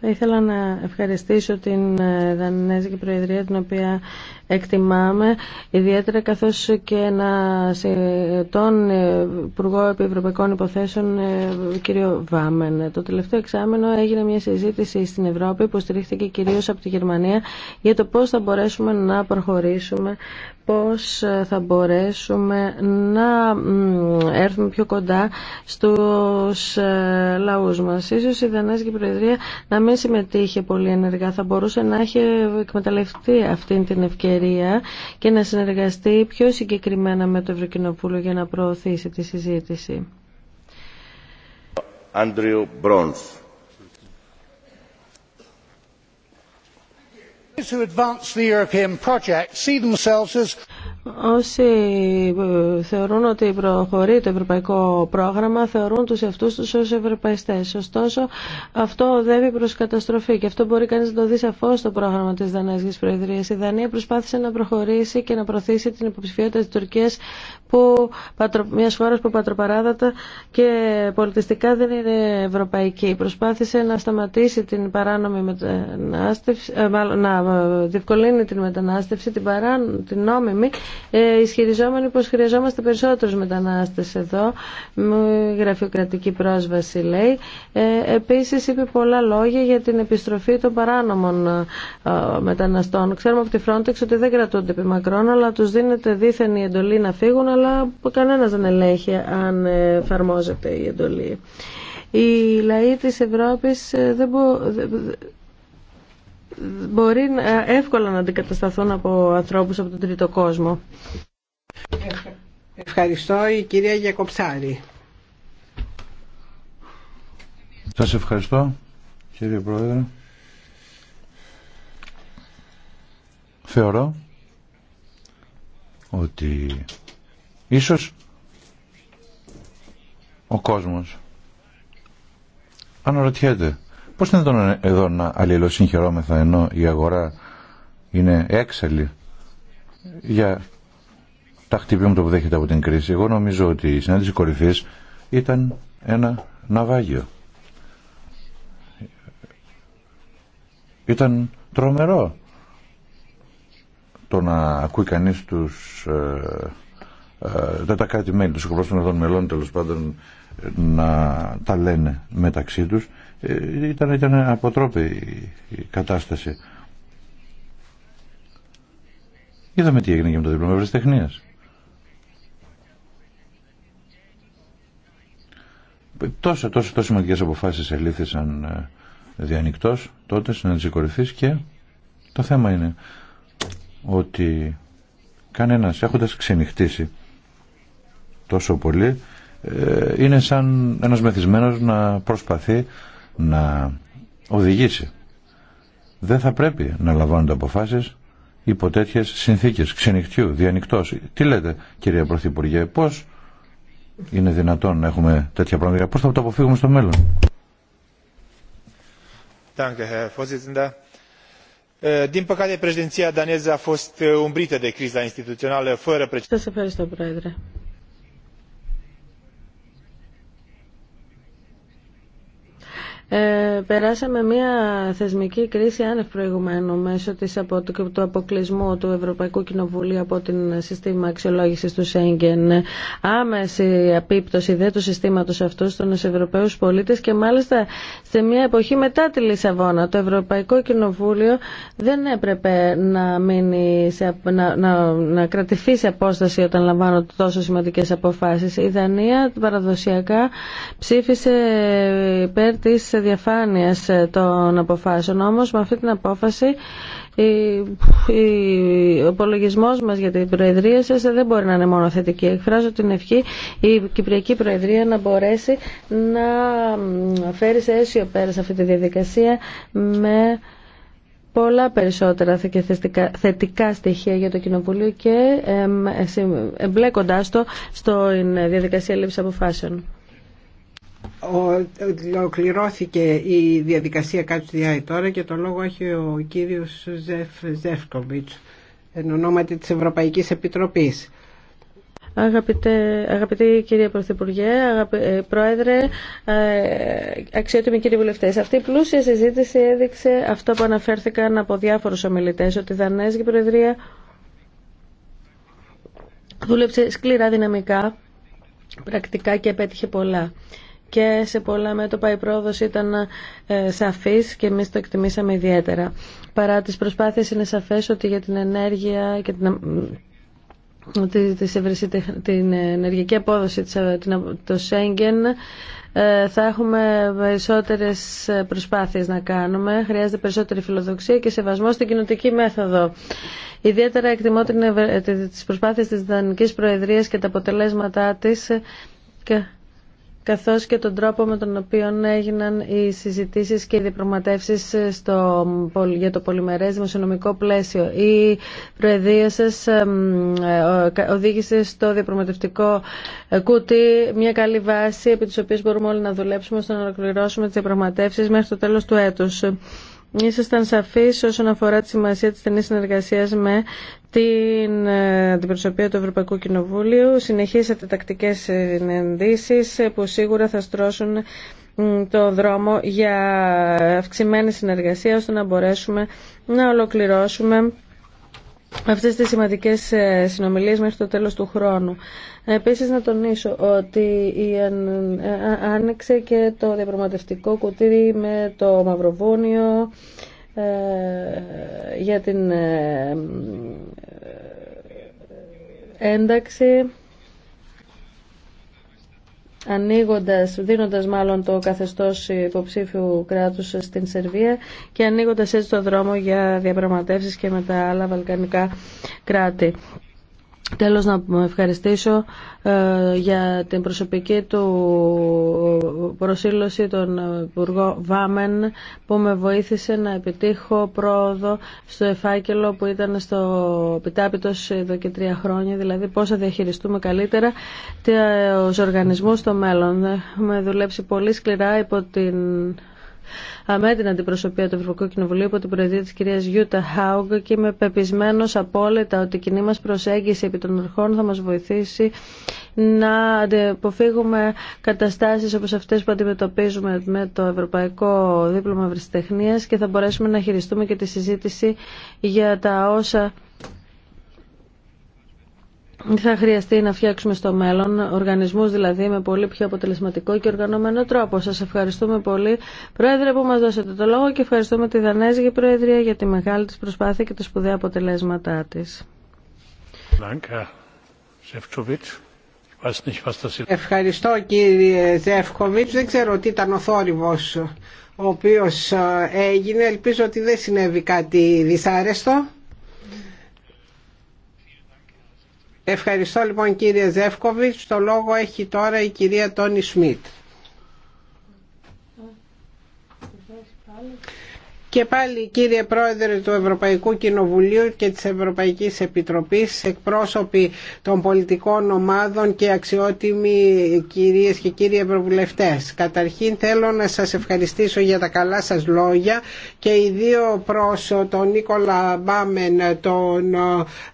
S2: θα ήθελα να ευχαριστήσω την ε, Δανέζικη Προεδρία την οποία εκτιμάμε ιδιαίτερα καθώς και σε τον ε, Υπουργό Ευρωπαϊκών Υποθέσεων ε, κύριο Βάμεν. Το τελευταίο εξάμενο έγινε μια συζήτηση στην Ευρώπη που στηρίχθηκε κυρίως από τη Γερμανία για το πώς θα μπορέσουμε να προχωρήσουμε πώς θα μπορέσουμε να έρθουμε πιο κοντά στους ε, λαούς μας. Ίσως η Δανέζικη Προεδρία να μην συμμετείχε πολύ ενεργά. Θα μπορούσε να έχει εκμεταλλευτεί αυτή την ευκαιρία ευκαιρία και να συνεργαστεί πιο συγκεκριμένα με το Ευρωκοινοβούλιο για να προωθήσει τη συζήτηση.
S4: Andrew Bronz.
S3: Those who advance the European project see themselves as
S2: Όσοι ε, θεωρούν ότι προχωρεί το ευρωπαϊκό πρόγραμμα θεωρούν τους εαυτούς τους ως ευρωπαϊστές. Ωστόσο αυτό οδεύει προς καταστροφή και αυτό μπορεί κανείς να το δει σαφώ στο πρόγραμμα της Δανέζικης Προεδρίας. Η Δανία προσπάθησε να προχωρήσει και να προωθήσει την υποψηφιότητα της Τουρκίας που, μιας χώρας που πατροπαράδατα και πολιτιστικά δεν είναι ευρωπαϊκή. Προσπάθησε να σταματήσει την παράνομη μετανάστευση, ε, μάλλον να ε, διευκολύνει την μετανάστευση, την, παρά, την νόμιμη ε, ισχυριζόμενοι πως χρειαζόμαστε περισσότερους μετανάστες εδώ, με γραφειοκρατική πρόσβαση λέει. Ε, επίσης είπε πολλά λόγια για την επιστροφή των παράνομων ε, μεταναστών. Ξέρουμε από τη Frontex ότι δεν κρατούνται επί μακρόν, αλλά τους δίνεται δίθεν η εντολή να φύγουν, αλλά κανένας δεν ελέγχει αν εφαρμόζεται η εντολή. Οι λαοί της Ευρώπης δεν, μπο μπορεί εύκολα να αντικατασταθούν από ανθρώπους από τον τρίτο κόσμο. Ευχαριστώ η κυρία Γιακοψάρη.
S3: Σας ευχαριστώ κύριε Πρόεδρε. Θεωρώ ότι ίσως ο κόσμος αναρωτιέται Πώς είναι τον εδώ να αλληλοσύγχερόμεθα ενώ η αγορά είναι έξαλλη για τα χτυπήματα που δέχεται από την κρίση. Εγώ νομίζω ότι η συνάντηση κορυφής ήταν ένα ναυάγιο. Ήταν τρομερό το να ακούει κανείς τους ε, ε τα μέλη τους εκπρόσωπων των μελών τέλος πάντων να τα λένε μεταξύ τους ε, ήταν, ήταν αποτρόπη η κατάσταση. Είδαμε τι έγινε και με το δίπλωμα ευρεσιτεχνίας. τόσο τόσε, τόσε σημαντικές αποφάσεις ελήφθησαν ε, διανυκτός τότε, στην και το θέμα είναι ότι κανένας έχοντας ξενυχτήσει τόσο πολύ ε, είναι σαν ένας μεθυσμένος να προσπαθεί να οδηγήσει. Δεν θα πρέπει να λαμβάνονται αποφάσεις υπό τέτοιε συνθήκες ξενυχτιού, διανυκτός. Τι λέτε κυρία Πρωθυπουργέ, πώς είναι δυνατόν να έχουμε τέτοια πράγματα, πώς θα το αποφύγουμε στο μέλλον. Ε, din păcate, președinția daneză a fost ε, umbrită de criza instituțională fără
S2: Ε, περάσαμε μια θεσμική κρίση άνευ προηγουμένου μέσω της, απο, του, αποκλεισμού του Ευρωπαϊκού Κοινοβουλίου από την συστήμα αξιολόγησης του Σέγγεν. Άμεση απίπτωση δε του συστήματος αυτού στους Ευρωπαίους πολίτες και μάλιστα σε μια εποχή μετά τη Λισαβόνα. Το Ευρωπαϊκό Κοινοβούλιο δεν έπρεπε να, μείνει σε, να, να, να κρατηθεί σε απόσταση όταν λαμβάνονται τόσο σημαντικές αποφάσεις. Η Δανία παραδοσιακά ψήφισε υπέρ διαφάνειας ε, των αποφάσεων. Όμως με αυτή την απόφαση ο υπολογισμό μας για την Προεδρία σα δεν μπορεί να είναι μόνο θετική. Εκφράζω την ευχή η Κυπριακή Προεδρία να μπορέσει να φέρει σε αίσιο πέρα σε αυτή τη διαδικασία με πολλά περισσότερα θετικά στοιχεία για το Κοινοβούλιο και εμπλέκοντάς το στη ε, διαδικασία λήψη αποφάσεων
S1: ολοκληρώθηκε η διαδικασία κάτω τώρα και το λόγο έχει ο κύριος Ζεφ Ζεφκοβιτς εν ονόματι της Ευρωπαϊκής Επιτροπής.
S2: Αγαπητέ, αγαπητή κυρία Πρωθυπουργέ, αγαπη, ε, Πρόεδρε, ε, αξιότιμοι κύριοι βουλευτέ, αυτή η πλούσια συζήτηση έδειξε αυτό που αναφέρθηκαν από διάφορου ομιλητέ, ότι η Δανέζικη Προεδρία δούλεψε σκληρά δυναμικά, πρακτικά και επέτυχε πολλά και σε πολλά μέτωπα η πρόοδος ήταν ε, σαφής και εμείς το εκτιμήσαμε ιδιαίτερα. Παρά τις προσπάθειες είναι σαφές ότι για την ενέργεια και την ότι την ενεργειακή απόδοση ε, το Σέγγεν ε, θα έχουμε περισσότερες προσπάθειες να κάνουμε. Χρειάζεται περισσότερη φιλοδοξία και σεβασμό στην κοινωτική μέθοδο. Ιδιαίτερα εκτιμώ τις προσπάθειες της Δανικής Προεδρίας και τα αποτελέσματά της καθώς και τον τρόπο με τον οποίο έγιναν οι συζητήσεις και οι διαπραγματεύσεις για το πολυμερές δημοσιονομικό πλαίσιο. Η Προεδρία σας ε, οδήγησε στο διαπραγματευτικό ε, κούτι μια καλή βάση επί της οποίας μπορούμε όλοι να δουλέψουμε ώστε να ολοκληρώσουμε τις διαπραγματεύσεις μέχρι το τέλος του έτους. Ήσασταν σαφείς όσον αφορά τη σημασία της στενής συνεργασίας με την αντιπροσωπεία ε, του Ευρωπαϊκού Κοινοβούλιου. Συνεχίσατε τακτικές συνεντήσεις που σίγουρα θα στρώσουν το δρόμο για αυξημένη συνεργασία ώστε να μπορέσουμε να ολοκληρώσουμε με αυτές τις σημαντικές ε, συνομιλίες μέχρι το τέλο του χρόνου. Επίση να τονίσω ότι ε, άνοιξε και το διαπραγματευτικό κουτί με το Μαυροβούνιο ε, για την ένταξη ανοίγοντας, δίνοντας μάλλον το καθεστώς υποψήφιου κράτους στην Σερβία και ανοίγοντας έτσι το δρόμο για διαπραγματεύσεις και με τα άλλα βαλκανικά κράτη. Τέλος να ευχαριστήσω ε, για την προσωπική του προσήλωση τον Υπουργό Βάμεν που με βοήθησε να επιτύχω πρόοδο στο εφάκελο που ήταν στο πιτάπιτος εδώ και τρία χρόνια δηλαδή πώς θα διαχειριστούμε καλύτερα ε, τους οργανισμούς στο μέλλον. Έχουμε δουλέψει πολύ σκληρά υπό την με την αντιπροσωπεία του Ευρωπαϊκού Κοινοβουλίου από την προεδρία τη κυρία Γιούτα Χάουγκ και είμαι πεπισμένο απόλυτα ότι η κοινή μα προσέγγιση επί των αρχών θα μα βοηθήσει να αποφύγουμε καταστάσει όπω αυτέ που αντιμετωπίζουμε με το Ευρωπαϊκό Δίπλωμα Ευρυστεχνία και θα μπορέσουμε να χειριστούμε και τη συζήτηση για τα όσα θα χρειαστεί να φτιάξουμε στο μέλλον οργανισμούς δηλαδή με πολύ πιο αποτελεσματικό και οργανωμένο τρόπο. Σας ευχαριστούμε πολύ Πρόεδρε που μας δώσατε το λόγο και ευχαριστούμε τη Δανέζικη Προεδρία για τη μεγάλη της προσπάθεια και τα σπουδαία αποτελέσματά της.
S1: Ευχαριστώ κύριε Ζεύκοβιτς. Δεν ξέρω τι ήταν ο θόρυβος ο οποίος ε, έγινε. Ελπίζω ότι δεν συνέβη κάτι δυσάρεστο. Ευχαριστώ λοιπόν κύριε Ζεύκοβιτ. Το λόγο έχει τώρα η κυρία Τόνι Σμιτ. Και πάλι κύριε Πρόεδρε του Ευρωπαϊκού Κοινοβουλίου και της Ευρωπαϊκής Επιτροπής, εκπρόσωποι των πολιτικών ομάδων και αξιότιμοι κυρίες και κύριοι Ευρωβουλευτές. Καταρχήν θέλω να σας ευχαριστήσω για τα καλά σας λόγια και δύο προς τον Νίκολα Μπάμεν, τον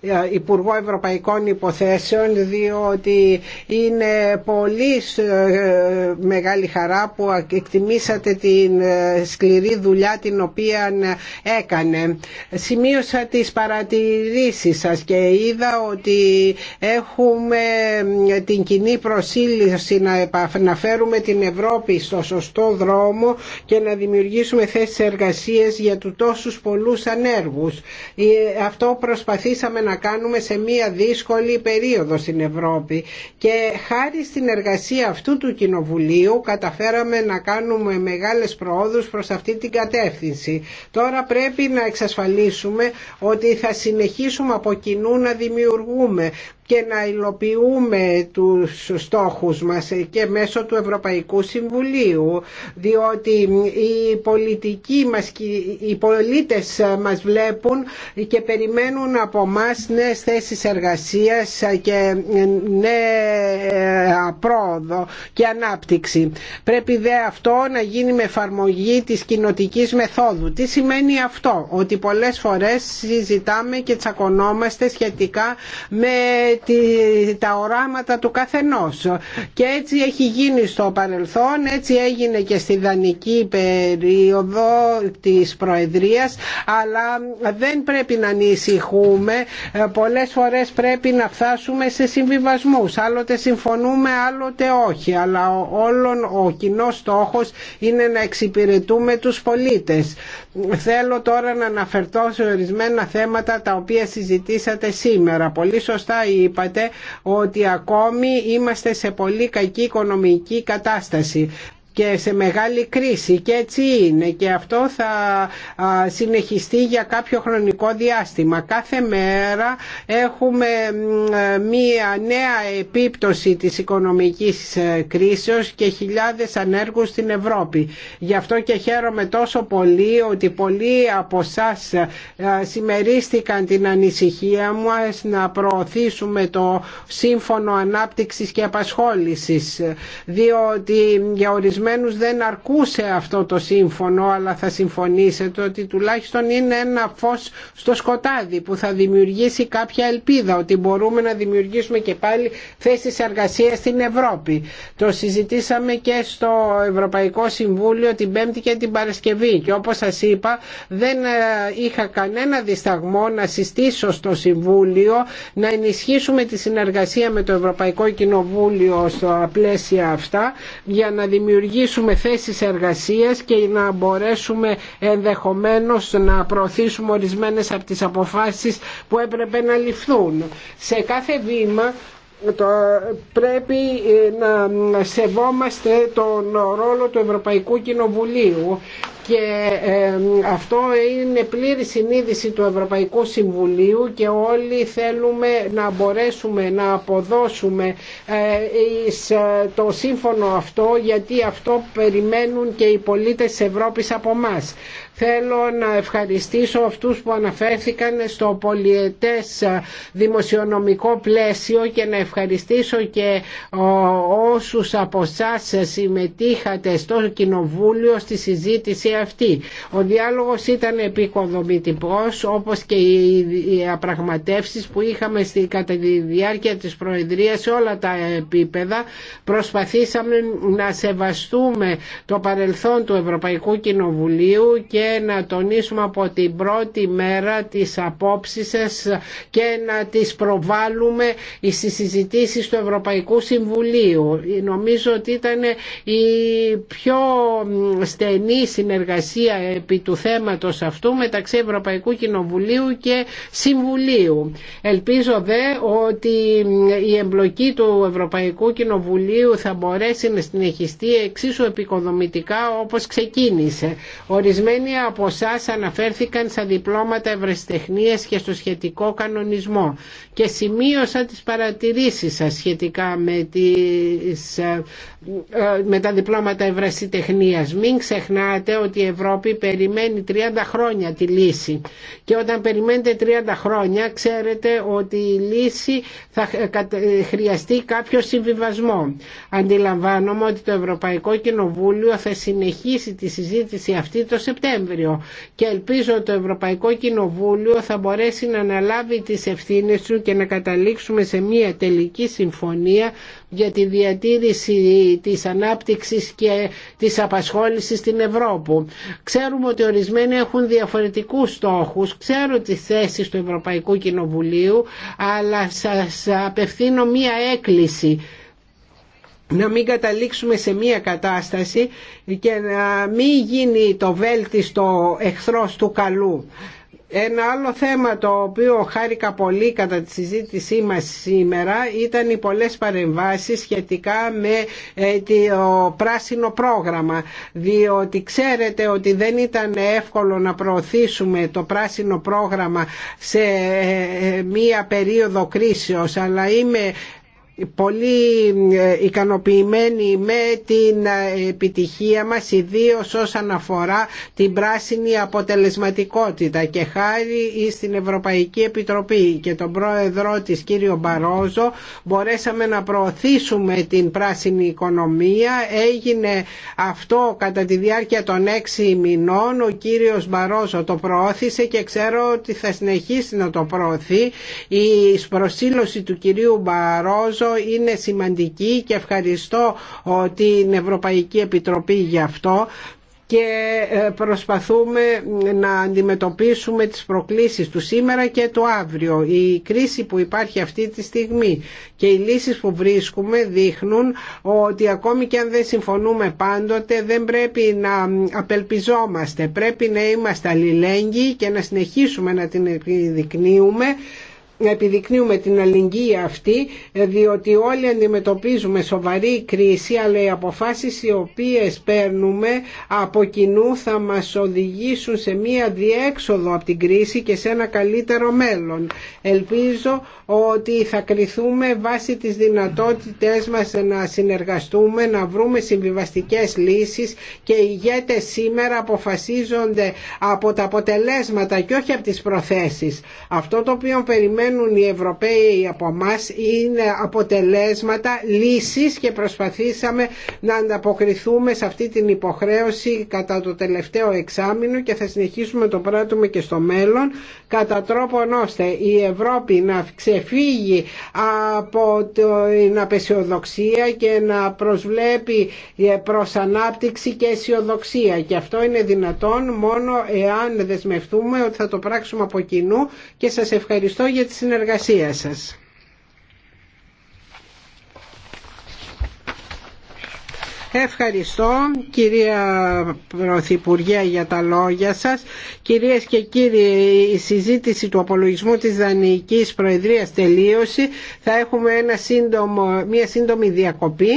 S1: ε, Υπουργό Ευρωπαϊκών Υποθέσεων, διότι είναι πολύ ε, μεγάλη χαρά που εκτιμήσατε την ε, σκληρή δουλειά την οποία οποία έκανε. Σημείωσα τις παρατηρήσεις σας και είδα ότι έχουμε την κοινή προσήλυση να φέρουμε την Ευρώπη στο σωστό δρόμο και να δημιουργήσουμε θέσεις εργασίες για του τόσους πολλούς ανέργους. Ε, αυτό προσπαθήσαμε να κάνουμε σε μία δύσκολη περίοδο στην Ευρώπη και χάρη στην εργασία αυτού του Κοινοβουλίου καταφέραμε να κάνουμε μεγάλες προόδους προς αυτή την κατεύθυνση Τώρα πρέπει να εξασφαλίσουμε ότι θα συνεχίσουμε από κοινού να δημιουργούμε και να υλοποιούμε τους στόχους μας και μέσω του Ευρωπαϊκού Συμβουλίου διότι οι πολιτικοί μας και οι πολίτες μας βλέπουν και περιμένουν από μας νέες θέσεις εργασίας και νέα πρόοδο και ανάπτυξη. Πρέπει δε αυτό να γίνει με εφαρμογή της κοινοτική μεθόδου. Τι σημαίνει αυτό, ότι πολλές φορές συζητάμε και τσακωνόμαστε σχετικά με τα οράματα του καθενός και έτσι έχει γίνει στο παρελθόν έτσι έγινε και στη δανική περίοδο της Προεδρίας αλλά δεν πρέπει να ανησυχούμε πολλές φορές πρέπει να φτάσουμε σε συμβιβασμούς άλλοτε συμφωνούμε άλλοτε όχι αλλά όλον ο κοινό στόχος είναι να εξυπηρετούμε τους πολίτες θέλω τώρα να αναφερθώ σε ορισμένα θέματα τα οποία συζητήσατε σήμερα πολύ σωστά είπατε ότι ακόμη είμαστε σε πολύ κακή οικονομική κατάσταση και σε μεγάλη κρίση και έτσι είναι και αυτό θα συνεχιστεί για κάποιο χρονικό διάστημα. Κάθε μέρα έχουμε ε, μία νέα επίπτωση της οικονομικής ε, κρίσεως και χιλιάδες ανέργους στην Ευρώπη. Γι' αυτό και χαίρομαι τόσο πολύ ότι πολλοί από εσά συμμερίστηκαν την ανησυχία μου να προωθήσουμε το Σύμφωνο Ανάπτυξης και Απασχόλησης διότι για δεν αρκούσε αυτό το σύμφωνο αλλά θα συμφωνήσετε ότι τουλάχιστον είναι ένα φως στο σκοτάδι που θα δημιουργήσει κάποια ελπίδα ότι μπορούμε να δημιουργήσουμε και πάλι θέσεις εργασίας στην Ευρώπη. Το συζητήσαμε και στο Ευρωπαϊκό Συμβούλιο την Πέμπτη και την Παρασκευή και όπως σας είπα δεν ε, είχα κανένα δισταγμό να συστήσω στο Συμβούλιο να ενισχύσουμε τη συνεργασία με το Ευρωπαϊκό Κοινοβούλιο στα πλαίσια αυτά για να δημιουργήσουμε δημιουργήσουμε θέσεις εργασίας και να μπορέσουμε ενδεχομένως να προωθήσουμε ορισμένες από τις αποφάσεις που έπρεπε να ληφθούν. Σε κάθε βήμα πρέπει ε, να σεβόμαστε τον ρόλο του Ευρωπαϊκού Κοινοβουλίου και ε, αυτό είναι πλήρη συνείδηση του Ευρωπαϊκού Συμβουλίου και όλοι θέλουμε να μπορέσουμε να αποδώσουμε ε, το σύμφωνο αυτό γιατί αυτό περιμένουν και οι πολίτες της Ευρώπης από μας. Θέλω να ευχαριστήσω αυτούς που αναφέρθηκαν στο πολιετές δημοσιονομικό πλαίσιο και να ευχαριστήσω και όσους από εσάς συμμετείχατε στο Κοινοβούλιο στη συζήτηση αυτή. Ο διάλογος ήταν επικοδομητικός όπως και οι απραγματεύσεις που είχαμε στη, κατά τη διάρκεια της Προεδρίας σε όλα τα επίπεδα. Προσπαθήσαμε να σεβαστούμε το παρελθόν του Ευρωπαϊκού Κοινοβουλίου και να τονίσουμε από την πρώτη μέρα τις απόψεις και να τις προβάλλουμε στις συζητήσεις του Ευρωπαϊκού Συμβουλίου. Νομίζω ότι ήταν η πιο στενή συνεργασία επί του θέματος αυτού μεταξύ Ευρωπαϊκού Κοινοβουλίου και Συμβουλίου. Ελπίζω δε ότι η εμπλοκή του Ευρωπαϊκού Κοινοβουλίου θα μπορέσει να συνεχιστεί εξίσου επικοδομητικά όπως ξεκίνησε από εσά αναφέρθηκαν στα διπλώματα ευρεσιτεχνία και στο σχετικό κανονισμό και σημείωσα τι παρατηρήσει σα σχετικά με, τις, ε, ε, με τα διπλώματα ευρεσιτεχνία. Μην ξεχνάτε ότι η Ευρώπη περιμένει 30 χρόνια τη λύση και όταν περιμένετε 30 χρόνια ξέρετε ότι η λύση θα ε, χρειαστεί κάποιο συμβιβασμό. Αντιλαμβάνομαι ότι το Ευρωπαϊκό Κοινοβούλιο θα συνεχίσει τη συζήτηση αυτή το Σεπτέμβριο και ελπίζω το Ευρωπαϊκό Κοινοβούλιο θα μπορέσει να αναλάβει τις ευθύνες του και να καταλήξουμε σε μια τελική συμφωνία για τη διατήρηση της ανάπτυξης και της απασχόλησης στην Ευρώπη. Ξέρουμε ότι ορισμένοι έχουν διαφορετικούς στόχους, ξέρω τις θέσεις του Ευρωπαϊκού Κοινοβουλίου, αλλά σας απευθύνω μία έκκληση να μην καταλήξουμε σε μία κατάσταση και να μην γίνει το βέλτιστο εχθρός του καλού. Ένα άλλο θέμα το οποίο χάρηκα πολύ κατά τη συζήτησή μας σήμερα ήταν οι πολλές παρεμβάσεις σχετικά με ε, το πράσινο πρόγραμμα διότι ξέρετε ότι δεν ήταν εύκολο να προωθήσουμε το πράσινο πρόγραμμα σε ε, ε, μία περίοδο κρίσεως αλλά είμαι πολύ ε, ικανοποιημένοι με την ε, επιτυχία μας ιδίως όσον αφορά την πράσινη αποτελεσματικότητα και χάρη στην Ευρωπαϊκή Επιτροπή και τον πρόεδρό της κύριο Μπαρόζο μπορέσαμε να προωθήσουμε την πράσινη οικονομία έγινε αυτό κατά τη διάρκεια των έξι μηνών ο κύριος Μπαρόζο το προώθησε και ξέρω ότι θα συνεχίσει να το προωθεί η προσήλωση του κυρίου Μπαρόζο είναι σημαντική και ευχαριστώ την Ευρωπαϊκή Επιτροπή για αυτό και ε, προσπαθούμε να αντιμετωπίσουμε τις προκλήσεις του σήμερα και του αύριο. Η κρίση που υπάρχει αυτή τη στιγμή και οι λύσεις που βρίσκουμε δείχνουν ότι ακόμη και αν δεν συμφωνούμε πάντοτε δεν πρέπει να απελπιζόμαστε. Πρέπει να είμαστε αλληλέγγυοι και να συνεχίσουμε να την επιδεικνύουμε να επιδεικνύουμε την αλληλεγγύη αυτή ε, διότι όλοι αντιμετωπίζουμε σοβαρή κρίση αλλά οι αποφάσεις οι οποίες παίρνουμε από κοινού θα μας οδηγήσουν σε μία διέξοδο από την κρίση και σε ένα καλύτερο μέλλον. Ελπίζω ότι θα κριθούμε βάσει τις δυνατότητές μας να συνεργαστούμε, να βρούμε συμβιβαστικές λύσεις και οι ηγέτες σήμερα αποφασίζονται από τα αποτελέσματα και όχι από τις προθέσεις. Αυτό το οποίο περιμένουμε περιμένουν οι Ευρωπαίοι από εμά είναι αποτελέσματα, λύσεις και προσπαθήσαμε να ανταποκριθούμε σε αυτή την υποχρέωση κατά το τελευταίο εξάμεινο και θα συνεχίσουμε το πράττουμε και στο μέλλον κατά τρόπον ώστε η Ευρώπη να ξεφύγει από την απεσιοδοξία και να προσβλέπει προς ανάπτυξη και αισιοδοξία και αυτό είναι δυνατόν μόνο εάν δεσμευτούμε ότι θα το πράξουμε από κοινού και σας ευχαριστώ για τις συνεργασία σας. Ευχαριστώ κυρία Πρωθυπουργέ για τα λόγια σας. Κυρίες και κύριοι, η συζήτηση του απολογισμού της Δανεικής Προεδρίας τελείωσε. Θα έχουμε ένα μια σύντομη διακοπή.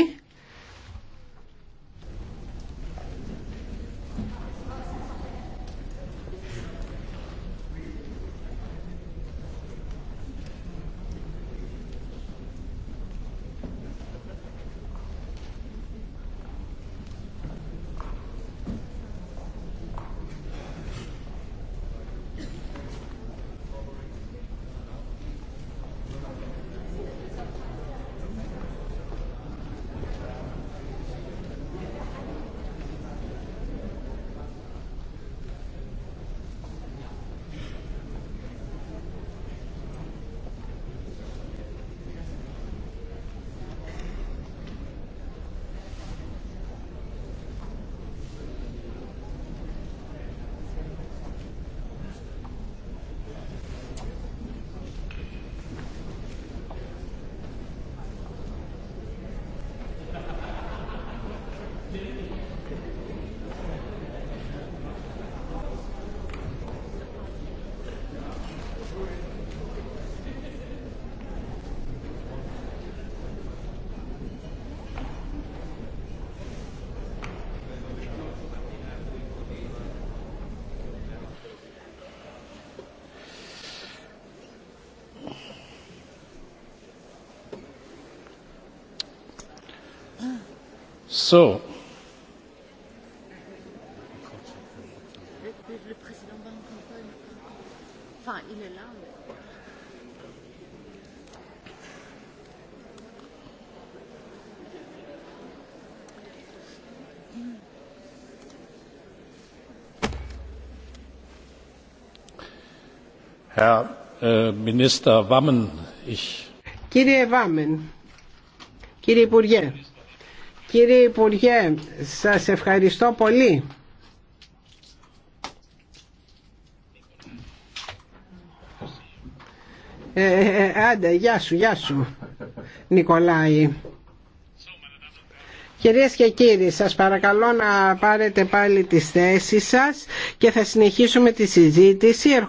S4: So. Herr Minister Wammen, ich
S1: Wammen, Κύριε Υπουργέ, σας ευχαριστώ πολύ. Ε, ε, ε, άντε, γεια σου, γεια σου, Νικολάη. Κυρίες και κύριοι, σας παρακαλώ να πάρετε πάλι τις θέσεις σας και θα συνεχίσουμε τη συζήτηση.